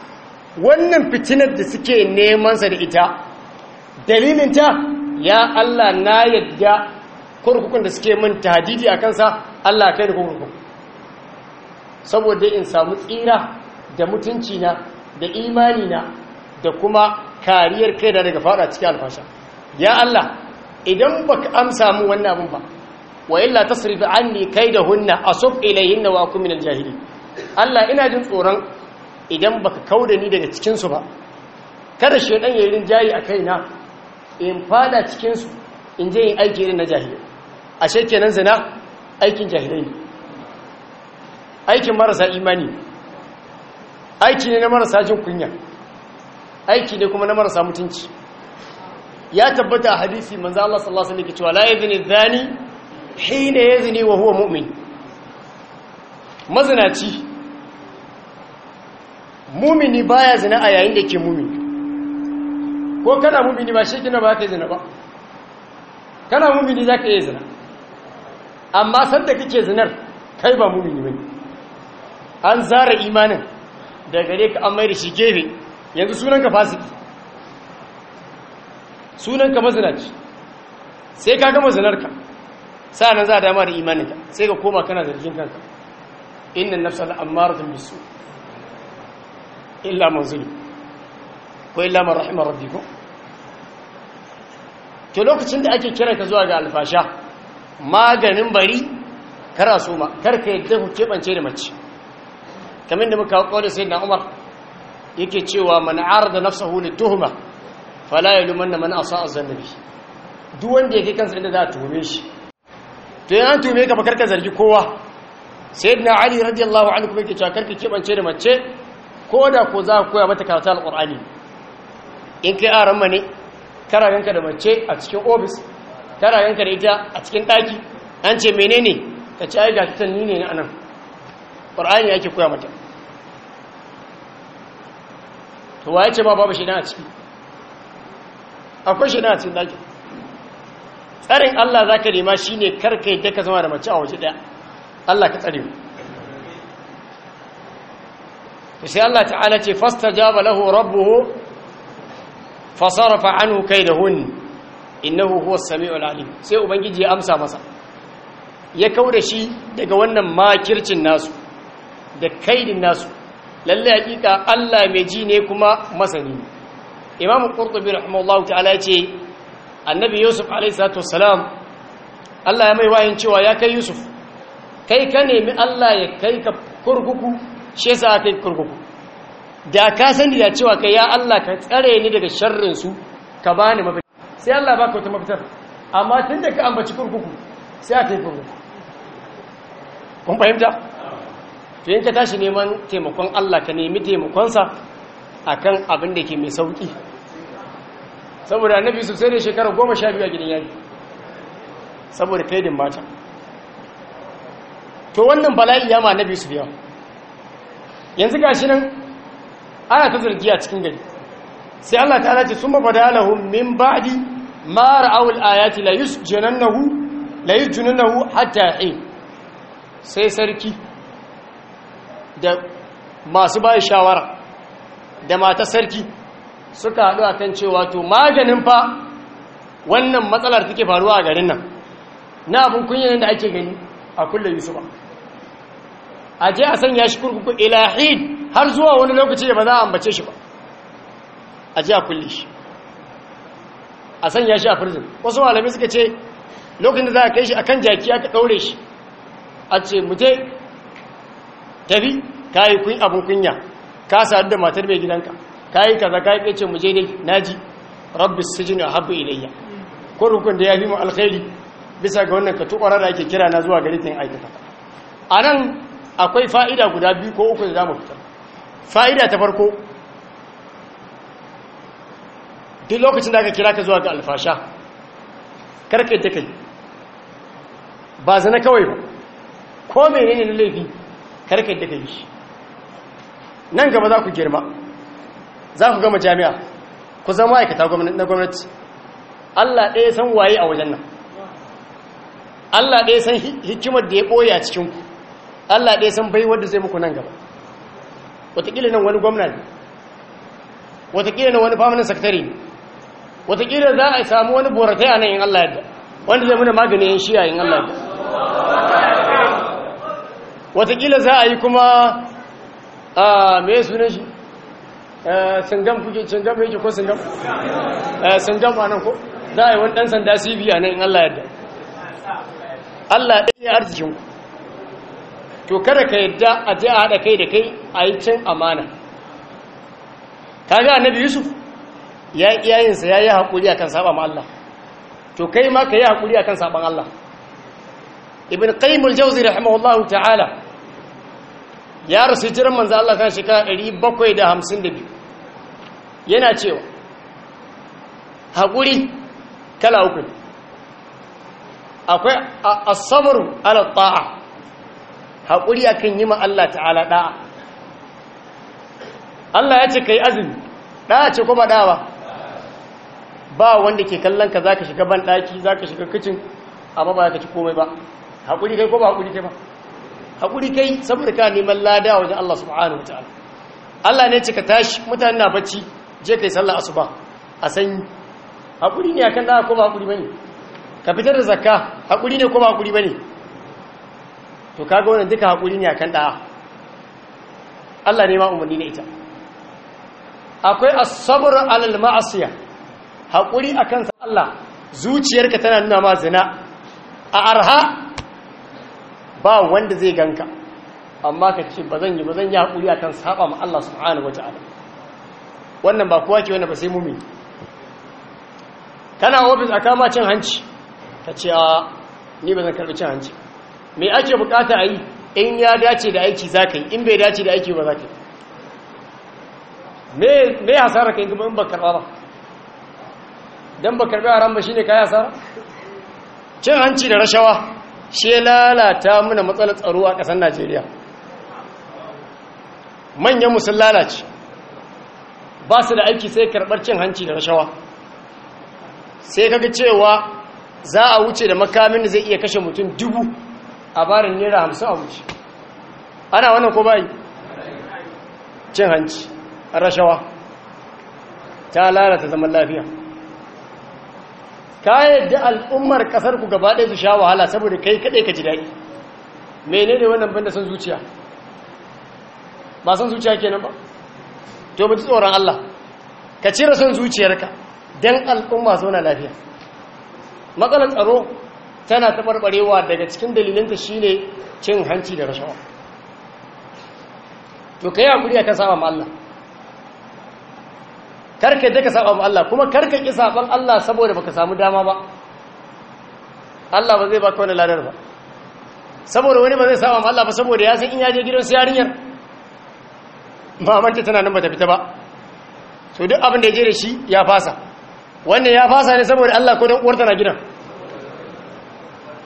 wannan fitinar da suke neman sa da ita dalilin ta ya Allah na yadda kurkukun da suke min tahdidi akan sa Allah kai da kurkuku saboda in samu tsira da mutunci na da imani na da kuma kariyar kai da daga fada cikin alfasha ya Allah idan baka amsa mu wannan abin ba wa illa tasrif anni kaidahunna asub ilayhinna wa akun min aljahili Allah ina jin tsoron idan baka kauda ni daga cikin su ba kada shedan ya rin jayi a kaina in fada cikin su in je yin aiki irin na jahili ashe kenan zina aikin jahilai aikin marasa imani aiki ne na marasa jin kunya aiki ne kuma na marasa mutunci ya tabbata a hadisi manzo Allah sallallahu alaihi wasallam cewa la yadhni dhani hina zini wa huwa mu'min mazinaci mumini baya zina a yayin da ke mumini ko kana mumini ba shi kina ba ka zina ba kana mumini za ka iya zina amma sanda kake zinar kai ba mumini ba an zara imanin da gare ka an mai da shi gefe yanzu sunanka fasiki sunanka mazinaci sai ka gama zinarka nan za a dama da imaninka sai ka koma kana zargin kanka inna nafsal ammaratun bisu illa man zulim ko illa man rahima rabbikum to lokacin da ake kira ka zuwa ga alfasha maganin bari kara so ma kar ka yadda ku kebance da mace kamar da muka kawo da na Umar yake cewa man arada nafsahu lituhma fala yalumanna man asaa az-zanbi duk wanda yake kansa inda za a tuhume shi to yan tume ka bakar ka zargi kowa sayyidina ali radiyallahu anhu kuma yake cewa karki kibance da mace ko da ko za ku koya mata karatu alqur'ani in kai aran ma ne kana yanka da mace a cikin office kana yanka da ita a cikin daki an ce menene ka ci ai ga ni ne anan qur'ani yake koya mata to waye ce ba babu shi na a ciki akwai shi a cikin daki tsarin Allah za ka nema shi ne karka yadda ka zama da mace a waje ɗaya Allah ka tsare mu sai Allah ta'ala ce fasta jaba lahu rabbuhu fasarafa anhu kai da hun innahu huwa sami'ul alim sai ubangiji ya amsa masa ya kau da shi daga wannan makircin nasu da kaidin nasu lalle hakika Allah mai ji ne kuma masani imam qurtubi rahimahullahu ta'ala ya ce annabi yusuf alaihissalatu wassalam Allah ya mai wayin cewa ya kai yusuf kai ka nemi Allah ya kai ka kurkuku shi yasa kai kurkuku da ka sani da cewa kai ya Allah ka tsare ni daga sharrin su ka bani mafita sai Allah baka wata mafitar amma tun da ka ambaci kurkuku sai aka yi kurkuku kun fahimta to ka tashi neman taimakon Allah ka nemi taimakonsa akan abin da ke mai sauki saboda annabi su sai ne shekara goma sha biyu a gidan yari saboda kaidin mata to wannan bala'i ya ma annabi su biya yanzu ga shi nan ana ta zargi a cikin gari sai allah ta alace sun mafada lahun min ba'di mara awul ayati la nahu hatta e sai sarki da masu bayan shawara da mata sarki suka haɗu a kan cewa to maganin fa wannan matsalar take faruwa a garin nan na abin kunyanin da ake gani a kulle yusufa a je a sanya shi kurkuku ilahid har zuwa wani lokaci da ba za a ambace shi ba a je a kulle shi a sanya shi a firzin wasu malami suka ce lokacin da za a kai shi a kan jaki aka ɗaure shi a ce mu je. tafi ka yi abin kunya ka sadu da matar mai gidanka kayi kaza kayi ce mu je dai naji rabbi sijin habbu ilayya ko rukun da yafi mu alkhairi bisa ga wannan ka tukwarar da ake kira na zuwa gari tin aikata anan akwai fa'ida guda biyu ko uku da zamu fitar fa'ida ta farko duk lokacin da aka kira ka zuwa ga alfasha karkai ta kai ba zana kawai ba ko menene laifi karkai ta kai nan gaba za ku girma za ku gama jami'a ku zama ma'aikata na gwamnati allah ɗaya san waye a wajen nan allah ɗaya san hikimar da ya ɓoye a cikinku allah ɗaya san baiwar da zai muku nan gaba watakila nan wani gwamnati ne watakila nan wani famanin sakatare ne watakila za a samu wani boratai a nan in allah yadda wanda zai muna magani yin shiya in allah yadda watakila za a yi kuma a ah, mai sunan shi Eh, sangam kuke sangam yake ko sangam eh, sangam a nan ko za a yi wani ɗan sanda cv a nan in allah yadda allah ɗaya ya arzikin ku to kada ka yadda a je a haɗa kai da kai a yi cin amana ka ga annabi yusuf ya yi iyayensa ya yi haƙuri akan saɓan allah to kai ma ka yi haƙuri akan saɓan allah ibn qaimul jauzi rahimahullahu ta'ala ya rasu jiran manzo Allah kan shekara 752 yana cewa haƙuri kala uku akwai asabar ala ta'a haƙuri akan yi ma Allah ta'ala ɗa'a Allah ya ce ka yi azumi ɗa'a ce kuma ɗawa ba ba wanda ke kallon ka za ka shiga ban za ka shiga kicin amma ba ka ci komai ba hakuri kai ko ba hakuri kai ba hakuri kai saboda ka neman lada wajen Allah subhanahu wataala Allah ne ce ka tashi mutane na bacci je kai sallah asuba a sanyi haƙuri ne akan da ko ba ba bane ka fitar da zakka haƙuri ne ko ba ba bane to kaga wannan duka haƙuri ne akan da'a Allah ne ma umarni ne ita akwai as-sabr 'ala al-ma'siyah hakuri akan Allah zuciyarka tana nuna ma zina a arha ba wanda zai ganka amma ka ce ba zan yi ba zan yi haƙuri akan saba ma Allah subhanahu wataala wannan ba kowa ke wani ba sai mummi kana ofis a kama cin hanci ka ce a ni ba zan karbi cin hanci me ake bukata a yi in ya dace da aiki za ka yi in bai dace da aiki ba za ka yi me hasara ka yi kuma in ba karba ba don ba karbi ran ba shi ne ka yi hasara cin hanci da rashawa shi lalata muna matsalar tsaro a ƙasar najeriya manyan musul lalace ba su da aiki sai karɓar cin hanci da rashawa sai kaga cewa za a wuce da makamin da zai iya kashe mutum dubu a barin naira hamsin a wuce ana wannan ko bayi cin hanci rashawa ta lalata zaman lafiya ka yadda al'ummar kasar ku gaba ɗaya su sha wahala saboda kai kaɗai ka ji daɗi menene wannan banda son zuciya ba son zuciya kenan ba to mutu tsoron Allah ka cire son zuciyarka don al'umma zauna lafiya matsalar tsaro tana taɓarɓarewa daga cikin shi ne cin hanci da rashawa to ka yi amuriya ka kan saba ma Allah karka daga ka saba ma Allah kuma karka ƙi saban Allah saboda ba ka samu dama ba Allah ba zai ba wani ladar ba saboda wani ba zai saba ma Allah ba saboda ya san in yaje gidan su yarinyar mamanta tana nan bata fita ba so duk abin da ya je da shi ya fasa wannan ya fasa ne saboda Allah ko dan uwar tana gidan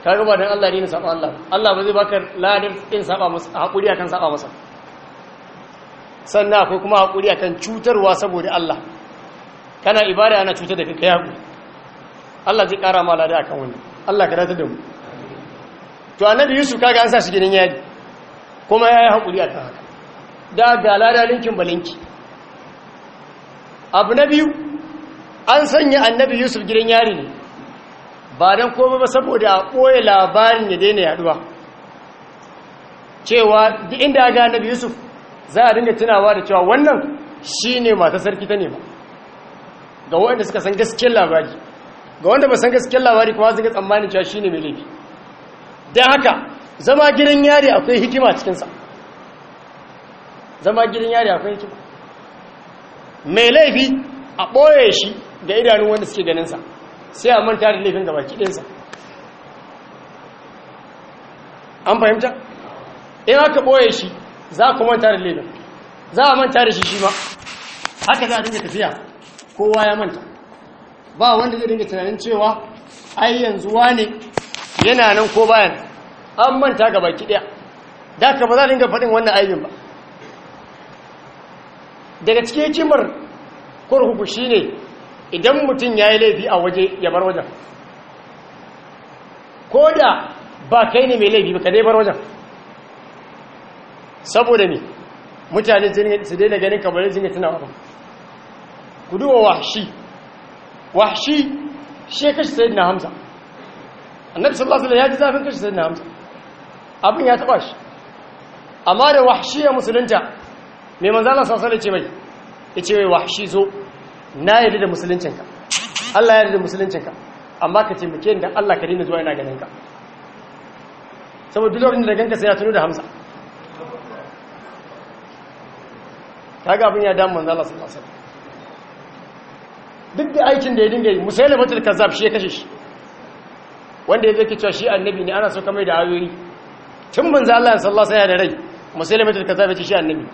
kaga ba dan Allah ne saba Allah Allah ba zai baka ladin in saba masa hakuri akan saba masa sannan akwai kuma hakuri akan cutarwa saboda Allah kana ibada ana cutar da kai hakuri Allah zai kara ma ladai akan wannan Allah ka dace da mu to annabi Yusuf kaga an sa shi gidan yayi kuma yayi hakuri akan haka da ga lada linkin balinki abu na biyu an sanya annabi yusuf gidan yari ne ba don kome ba saboda a ɓoye labarin ya daina yaduwa cewa duk inda ga annabi yusuf za a dinga tunawa da cewa wannan shi ne mata sarki ta nema ga waɗanda suka san gaskiyar labari ga wanda ba san gaskiyar labari kuma zai ga tsammanin cewa shi ne mai laifi don haka zama gidan yari akwai hikima cikinsa zama gidan yari akwai hikima mai laifi a ɓoye shi da idanun wanda suke ganinsa sai a manta da laifin gabaki ɗinsa an fahimta in haka ɓoye shi za ku manta da laifin za a manta da shi shi ma haka za a dinga tafiya kowa ya manta ba wanda zai dinga tunanin cewa ai yanzu wane yana nan ko bayan an manta gabaki ɗaya da ka ba za a dinga faɗin wannan aibin ba daga cikin hikimar kurkuku ne idan mutum ya yi laifi a waje ya bar wajen ko da ba kai ne mai laifi ba ka dai bar wajen saboda ne mutane su daina ganin kamar jini tana wakon ku duwa wahshi wahshi shi ya kashe sayidina hamza annabi sallallahu ya ji zafin kashe sayidina hamza abin ya taba shi amma da wahshi ya musulunta mai manzo Allah sallallahu alaihi wasallam ya ce mai wahshi zo na yarda da musuluncinka Allah ya yarda da musuluncinka amma ka ce muke da Allah ka daina zuwa ina ganin ka saboda duk lokacin da ganka sai ya tuno da Hamza kaga abin ya damu manzo Allah sallallahu alaihi wasallam duk da aikin da ya dinga yi musailamatul kazzab shi ya kashe shi wanda ya zai cewa shi annabi ne ana so kamar da ayoyi tun manzo Allah sallallahu alaihi wasallam da rai musailamatul kazzab ya ce shi annabi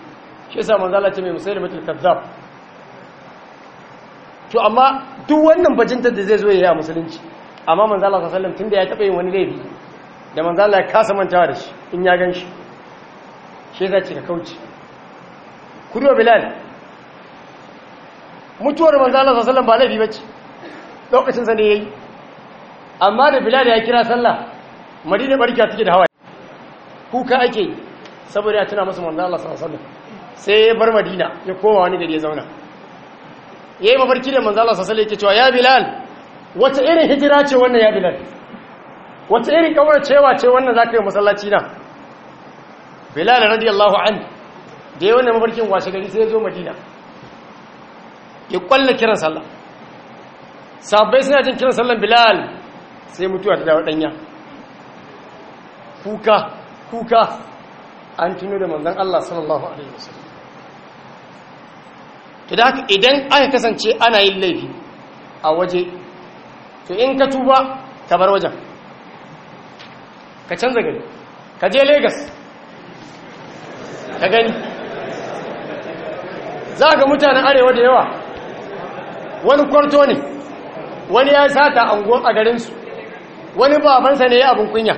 shi yasa manzo Allah ce mai mutul kazzab to amma duk wannan bajintar da zai zo ya yi a musulunci amma manzo Allah sallallahu alaihi tunda ya taba yin wani laifi da manzo Allah ya kasa mantawa da shi in ya gan shi zai ce ka kauce kuriyo bilal mutuwar manzo Allah sallallahu alaihi ba laifi bace lokacin sa ne yayi amma da bilal ya kira sallah madina barka take da hawaye kuka ake saboda ya tuna masa manzo Allah sallallahu alaihi sai ya bar madina ya koma wani gari ya zauna ya yi mafarki da manzala sassale yake cewa ya bilal wata irin hijira ce wannan ya bilal wata irin kawar cewa ce wannan za ka yi masallaci na bilal radiyallahu an da ya wannan mafarkin washe gari sai ya zo madina ya kwalla kiran sallah sabbai suna jin kiran sallan bilal sai mutuwa ta dawo danya kuka kuka an tuno da manzan Allah sallallahu Alaihi wasallam to da haka idan aka kasance ana yin laifi a waje to in ka tuba ka bar wajen ka canza gari ka je Legas ka gani za ga mutanen arewa da yawa wani kwarto ne wani ya sata anguwan a garinsu wani babansa ne ya abin kunya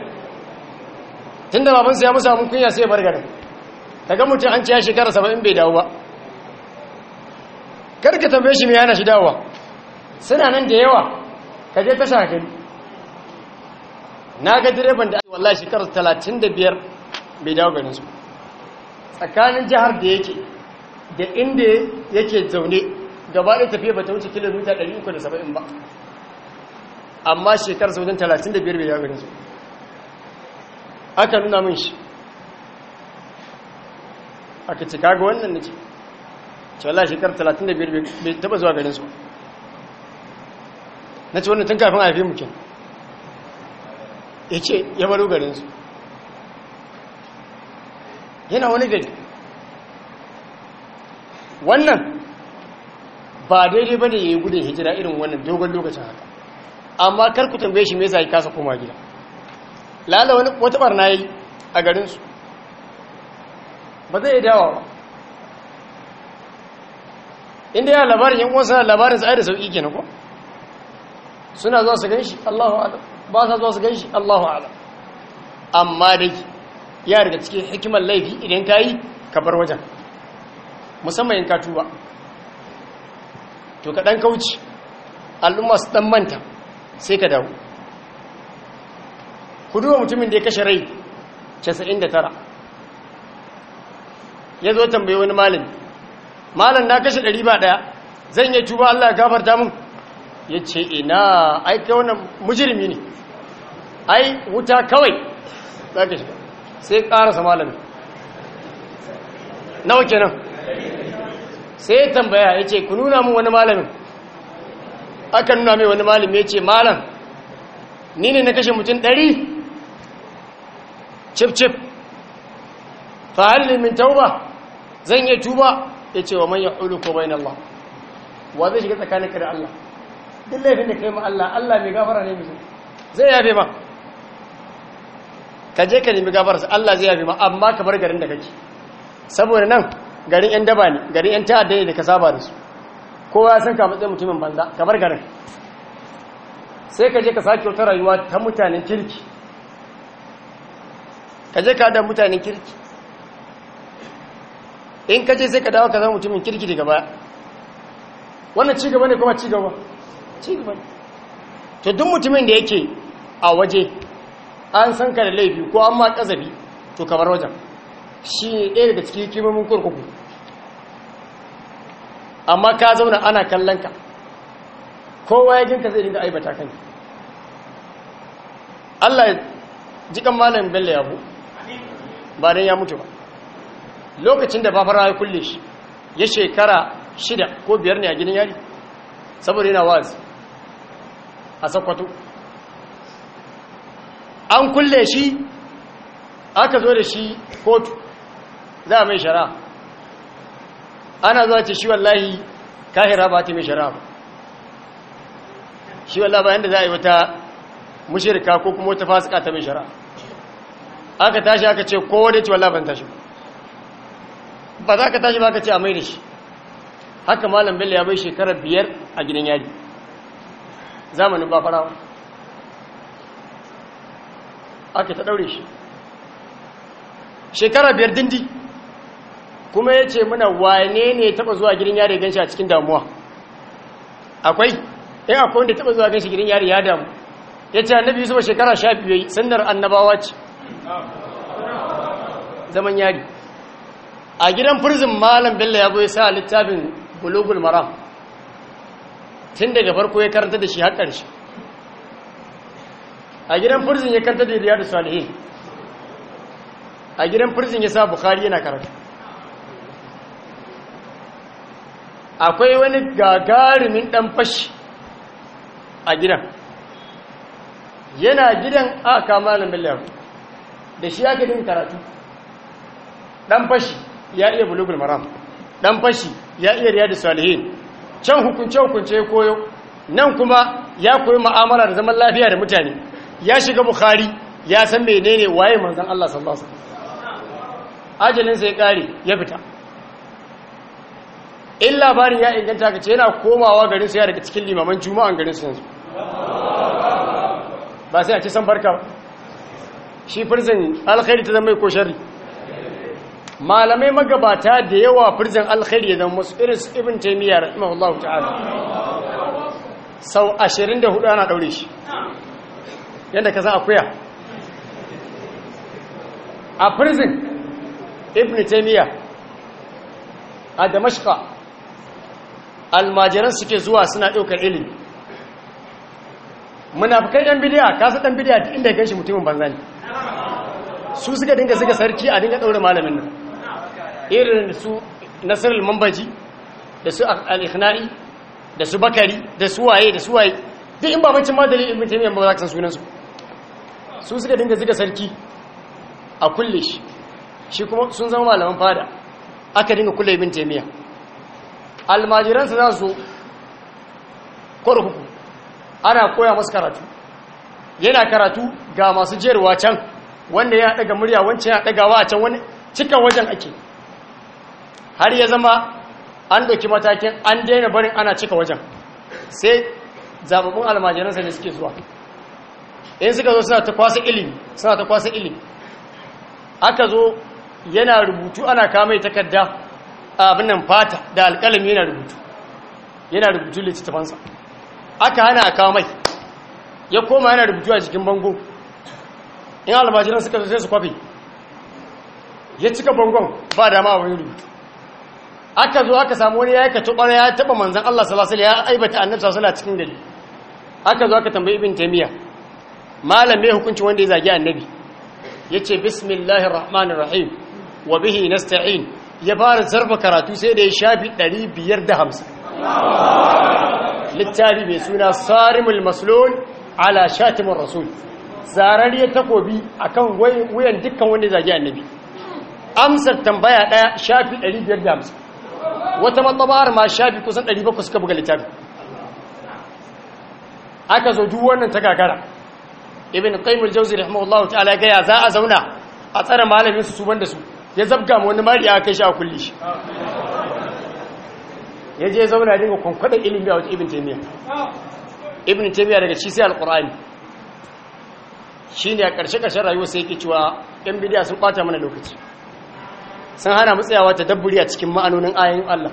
tun da babansa ya musa abin kunya sai ya bar gari ta ga mutum an ciya shekara 70 bai dawo ba karka tambaye shi mai yana shi dawowa suna nan da yawa ka je tasha gani na ga direban da wallahi shekarar talatin da biyar bai dawo ganin su tsakanin jihar da yake da inda yake zaune gaba da tafiya ba ta wuce kilomita 370 ba amma shekarar sautan 35 bai dawo ganin su aka nuna min shi aka cika ga wannan na ce cewa shekar 35 bai taba zuwa garinsu na ce wannan tun kafin haifi mukin ya ce ya baro garinsu yana wani gari wannan ba daidai ba da ya yi gudun hijira irin wannan dogon lokacin haka amma karkutan tambaye shi mai sa yi kasa koma gida lalawa wata barna yi a garinsu ba zai dawa ba inda yana labarin yan uwansa labarin sai da sauki kenan ko suna zuwa su shi Allahu ala ba sa zuwa su shi Allahu ala amma dai ya daga cikin hikimar laifi idan ka yi ka bar wajen musamman yin ka tuba to ka ɗan kauci al'umma su ɗan manta sai ka dawo ku duba mutumin da ya kashe rai 99 ya zo tambaye wani malami malam na kashe ɗari ba ɗaya zan yi tuba Allah ya gafarta mun ya ce ina ai kai wannan mujirmi ne ai wuta kawai za ka shiga sai ƙarasa malami nawa kenan sai tambaya ya ce ku nuna mun wani malamin aka nuna mai wani malami ya ce malam ni ne na kashe mutum ɗari cif cif halin min tauba zan yi tuba ya ce wa manyan ya ko bayan Allah wa zai shiga tsakanin da Allah duk laifin da kai ma Allah Allah mai gafara ne musu zai yafe ma ka je ka nemi gafara Allah zai yafe ma amma ka bar garin da kake saboda nan garin yan daba ne garin yan ta'adda ne da ka saba da su kowa ya san ka matsayin mutumin banza ka bar garin sai ka je ka sake wata rayuwa ta mutanen kirki ka je ka da mutanen kirki in ka je sai ka dawo ka zama mutumin kirki daga wannan ci gaba ne kuma ci gaba ci gaba to duk mutumin da yake a waje an san ka da laifi ko an ma kazabi to kamar wajen shi ne ɗaya daga cikin kimomin kurkuku amma ka zauna ana kallon ka kowa ya jinka zai dinga aibata kan Allah jikan malam bello yabo ba don ya mutu ba lokacin da bafara ya kulle shi ya shekara shida ko biyar ne a gidan yari saboda yana wazi a sakwato an kulle shi aka zo da shi kotu za a mai shara ana zuwa ce shi wallahi kahira ba ta mai shara ba shi wallahi bayan da za a yi wata mushirka ko kuma wata fasika ta mai shara aka tashi aka ce kowane ci wallahi ban tashi ba ba za ka tashi ba ka ce a maini da shi haka malam bello ya bai shekara biyar a gidan yadi zamanin ba farawa aka ta daure shi shekara biyar dindi kuma ya ce muna wane ne taba zuwa gidan yari gan shi a cikin damuwa akwai ya eh, akwai wanda taba zuwa gan shi gidan yari ya damu ya ce annabi yusuf shekara sha biyu sannar annabawa ce zaman yari a gidan firzin malam bello ya goyi sa littafin bulugul maram tun daga farko ya karanta da shi haƙar shi a gidan firzin ya karanta da da salihin a gidan firzin ya sa bukari yana karatu akwai wani gagarumin ɗan fashi a gidan yana gidan aka malam bello da shi ya gidan karatu ɗan fashi ya iya bulugul maram dan fashi ya iya riyadu salihin can hukunce hukunce koyo nan kuma ya koyi mu'amala da zaman lafiya da mutane ya shiga bukhari ya san menene waye manzon Allah sallallahu alaihi wasallam ajalin sai kare ya fita in labarin ya inganta ka yana komawa garin sai ya daga cikin limaman juma'an garin sai yanzu ba sai a ci san barka shi firzin alkhairi ta zama ko shari malamai magabata da yawa firjan alkhairi da musu irin su ibn taymiyyah rahimahullahu ta'ala sau 24 ana daure shi yadda ka san akuya a firjin ibn taimiyar, a damashka almajiran suke zuwa suna daukar ilimi munafikan yan bidiya ka san dan bidiya inda kai shi mutumin banza ne su suka dinga suka sarki a dinga daure malamin nan irin su al mambaji da su al-ikhnari da su bakari da su waye da su waye duk in babancin madalin ibn taymiyyah ba za ka san sunansu su suka dinga zika sarki a kulle shi shi kuma sun zama malaman fada aka dinga kulle ibn taymiyyah almajiransa za su kurkuku ana koya masu karatu yana karatu ga masu jerwa can wanda ya daga murya wancan ya daga wa can wani cikin wajen ake har ya zama an ɗauki matakin an daina barin ana cika wajen sai zababbin almajiransa ne suke zuwa in suka zo suna ta kwasa ilimi suna ta kwasa ilimi aka zo yana rubutu ana kama takarda abin nan fata da alƙalami yana rubutu yana rubutu littattafansa aka hana a kawo mai ya koma yana rubutu a jikin bango in almajiran suka zo sai su kwafi ya cika bangon ba dama a wani rubutu aka zo aka samu wani ya yi kaci ƙwarai ya taɓa manzan Allah sallallahu alaihi ya aibata annabi sallallahu cikin dare aka zo aka tambayi ibn taymiya malam me hukunci wanda ya zagi annabi yace bismillahir rahmanir rahim wa bihi nasta'in ya fara zarba karatu sai da ya shafi 550 littafi mai suna sarimul maslun ala shatimur rasul zarar ya takobi akan wuyan dukkan wanda ya zagi annabi amsar tambaya daya shafi 550 wata matsaba'ar ma shafi kusan 700 suka buga littafi aka zo duk wannan ta gagara ibn qaymul jawzi rahimahullahu ta'ala ga ya za a zauna a tsara malamin su su da su ya zabga mu wani mari aka sha a kulli shi ya je zauna dinga kwankwadon ilimi a wajen ibn taymiya ibn taymiya daga cikin sai alqur'ani shine a karshe karshen rayuwar sai yake cewa yan bidiya sun kwata mana lokaci sun hana mu tsayawa ta dabburi a cikin ma'anonin ayoyin Allah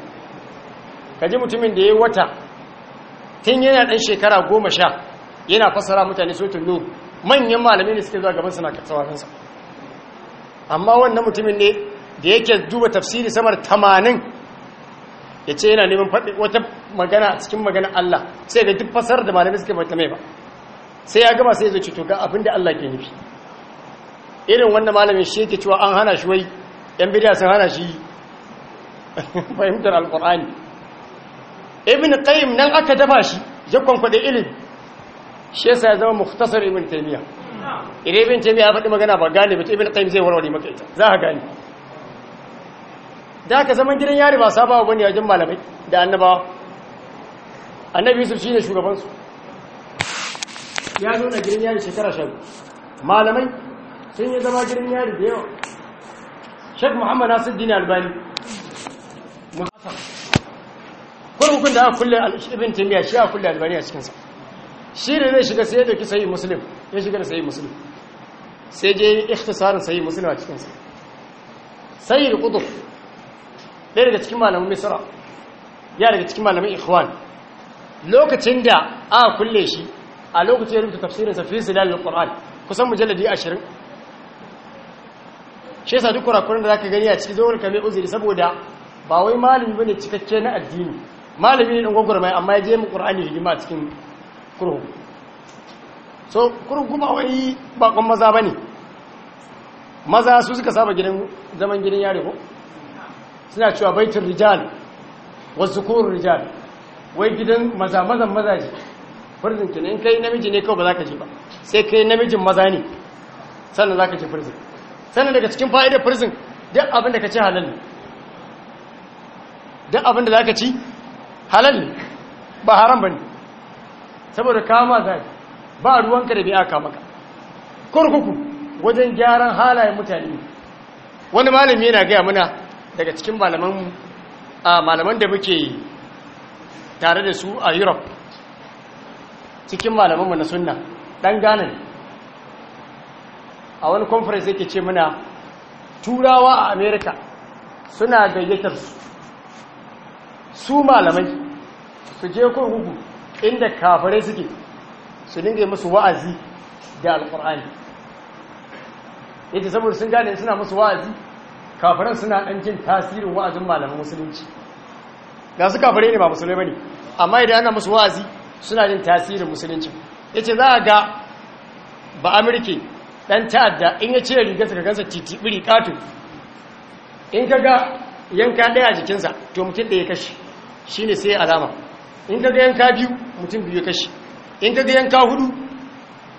ka ji mutumin da ya yi wata tun yana ɗan shekara goma sha yana fassara mutane sotun nu manyan malami ne suke zuwa gaban suna katsawarin amma wannan mutumin ne da yake duba tafsiri samar ya ce yana neman faɗi wata magana cikin maganar Allah sai ga duk fasar da malami suke mai tamai ba sai ya gama sai ya zo ci to ga abin da Allah ke nufi irin wannan malamin shi yake cewa an hana shi wai yan bidiya sun hana shi fahimtar alkur'ani ibn qayyim nan aka dafa shi jakon kwaɗe ilim shi yasa ya zama muhtasar ibn taymiya idan ibn taymiya ya faɗi magana ba gane ba ibn qayyim zai warware maka ita za ka gane da aka zaman gidan yari ba saba ba ne wajen malamai da annabawa annabi yusuf shi ne shugabansu ya zo na gidan yari shekara shagu malamai sun yi zama gidan yari da yawa Sheikh muhammad nasiruddin albani ko kurkukun da kullu kulle ibn Taymiyyah shi a kulle albani a cikinsa shi ne zai shiga sai da kisa yi muslim ya shiga da sahih muslim sai je ikhtisarin sai muslim a cikinsa sahih qutb dai daga cikin malamin misra ya daga cikin malamin ikhwan lokacin da a kulle shi a lokacin ya tafsirin tafsirinsa fi zilal al-qur'an kusan mujalladi 20 shi yasa duk kurakuran da zaka gani a ciki zo ka mai uzuri saboda ba wai malami bane cikakke na addini malami ne dan mai amma ya je mu qur'ani hidima a cikin kurhu so kurhu kuma wai kon maza bane maza su suka saba gidan zaman gidan yare ko suna cewa baitul rijal wa zukur rijal wai gidan maza mazan mazaje farzin kenan kai namiji ne kawai ba za ka ji ba sai kai namijin maza ne sannan za ka ji farzin sannan daga cikin fa'idar prison duk abin da ka ci halal ne duk abin da za ka ci halal ne ba haram ba ne saboda kama zai ba ruwanka da biya ka kurkuku wajen gyaran halayen mutane wani malami yana gaya muna daga cikin malaman malaman da muke tare da su a europe cikin malamanmu na sunna ɗan ganin a wani conference yake ce muna turawa a america suna gayyatar su su malamai su je hugu inda kafirai suke su dinga musu wa'azi da alkur'ani yadda saboda sun gane suna musu wa'azi kafiran suna ɗan jin tasirin wa'azin malaman musulunci ga su kafirai ne ba musulmai bane amma idan ana musu wa'azi suna jin tasirin musulunci yace za a ga ba amurke dan ta'adda in ya ce riga ka gansa titibiri kato in ka ga yanka ɗaya a jikinsa to mutum ɗaya kashi shi ne sai alama in ka ga yanka biyu mutum biyu kashi in ka ga yanka hudu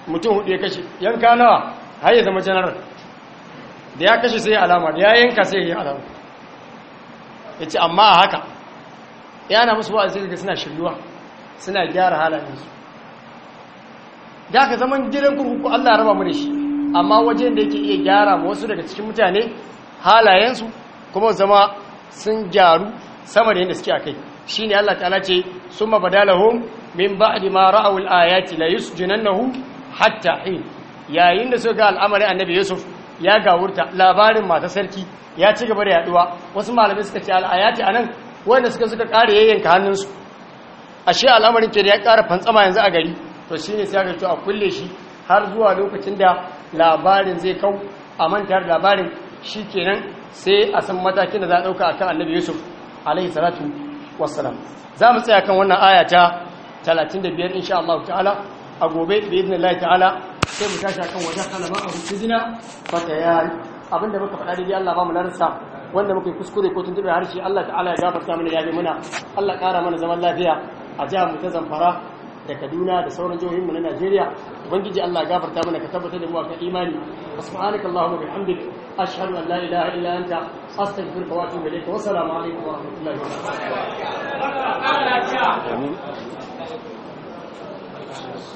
mutum hudu ya kashi yanka nawa har ya zama janar da ya kashi sai alama da ya yanka sai ya yi alama ya ce amma a haka yana musu wa'azi da suna shiryuwa suna gyara halayensu da aka zaman gidan kurkuku Allah raba mu da shi amma wajen da yake iya gyara ma wasu daga cikin mutane halayensu kuma zama sun gyaru sama da yadda suke a kai shi ne Allah ta'ala ce sun mabadalahun min ba'di ma ra'awul ayati la yusjinannahu hatta hin yayin da suka ga al'amarin annabi yusuf ya gawurta labarin mata sarki ya ci gaba da yaduwa wasu malamai suka ce al'ayati nan wanda suka suka kare yayyanka hannunsu ashe al'amarin ke da ya kara fantsama yanzu a gari to shine sai aka to a kulle shi har zuwa lokacin da labarin zai kau a mantar labarin shi kenan sai a san matakin da za a ɗauka akan annabi yusuf alaihi salatu wassalam za mu tsaya kan wannan aya ta 35 insha Allah ta'ala a gobe da idin Allah ta'ala sai mu tashi kan wajen kalama a hujjina fatayan abinda muka faɗa daidai Allah ba mu larsa wanda muka yi kuskure ko tuntube harshe Allah ta'ala ya gafarta mana ya bi muna Allah ƙara mana zaman lafiya a jihar mu ta zamfara da Kaduna da sauran jihohin mu na Najeriya ubangiji Allah gafarta mana ka tabbatar da mu akan imani subhanaka allahumma bihamdika ashhadu an la ilaha illa anta astaghfiruka wa atubu ilayk wa assalamu alaikum wa rahmatullahi wa barakatuh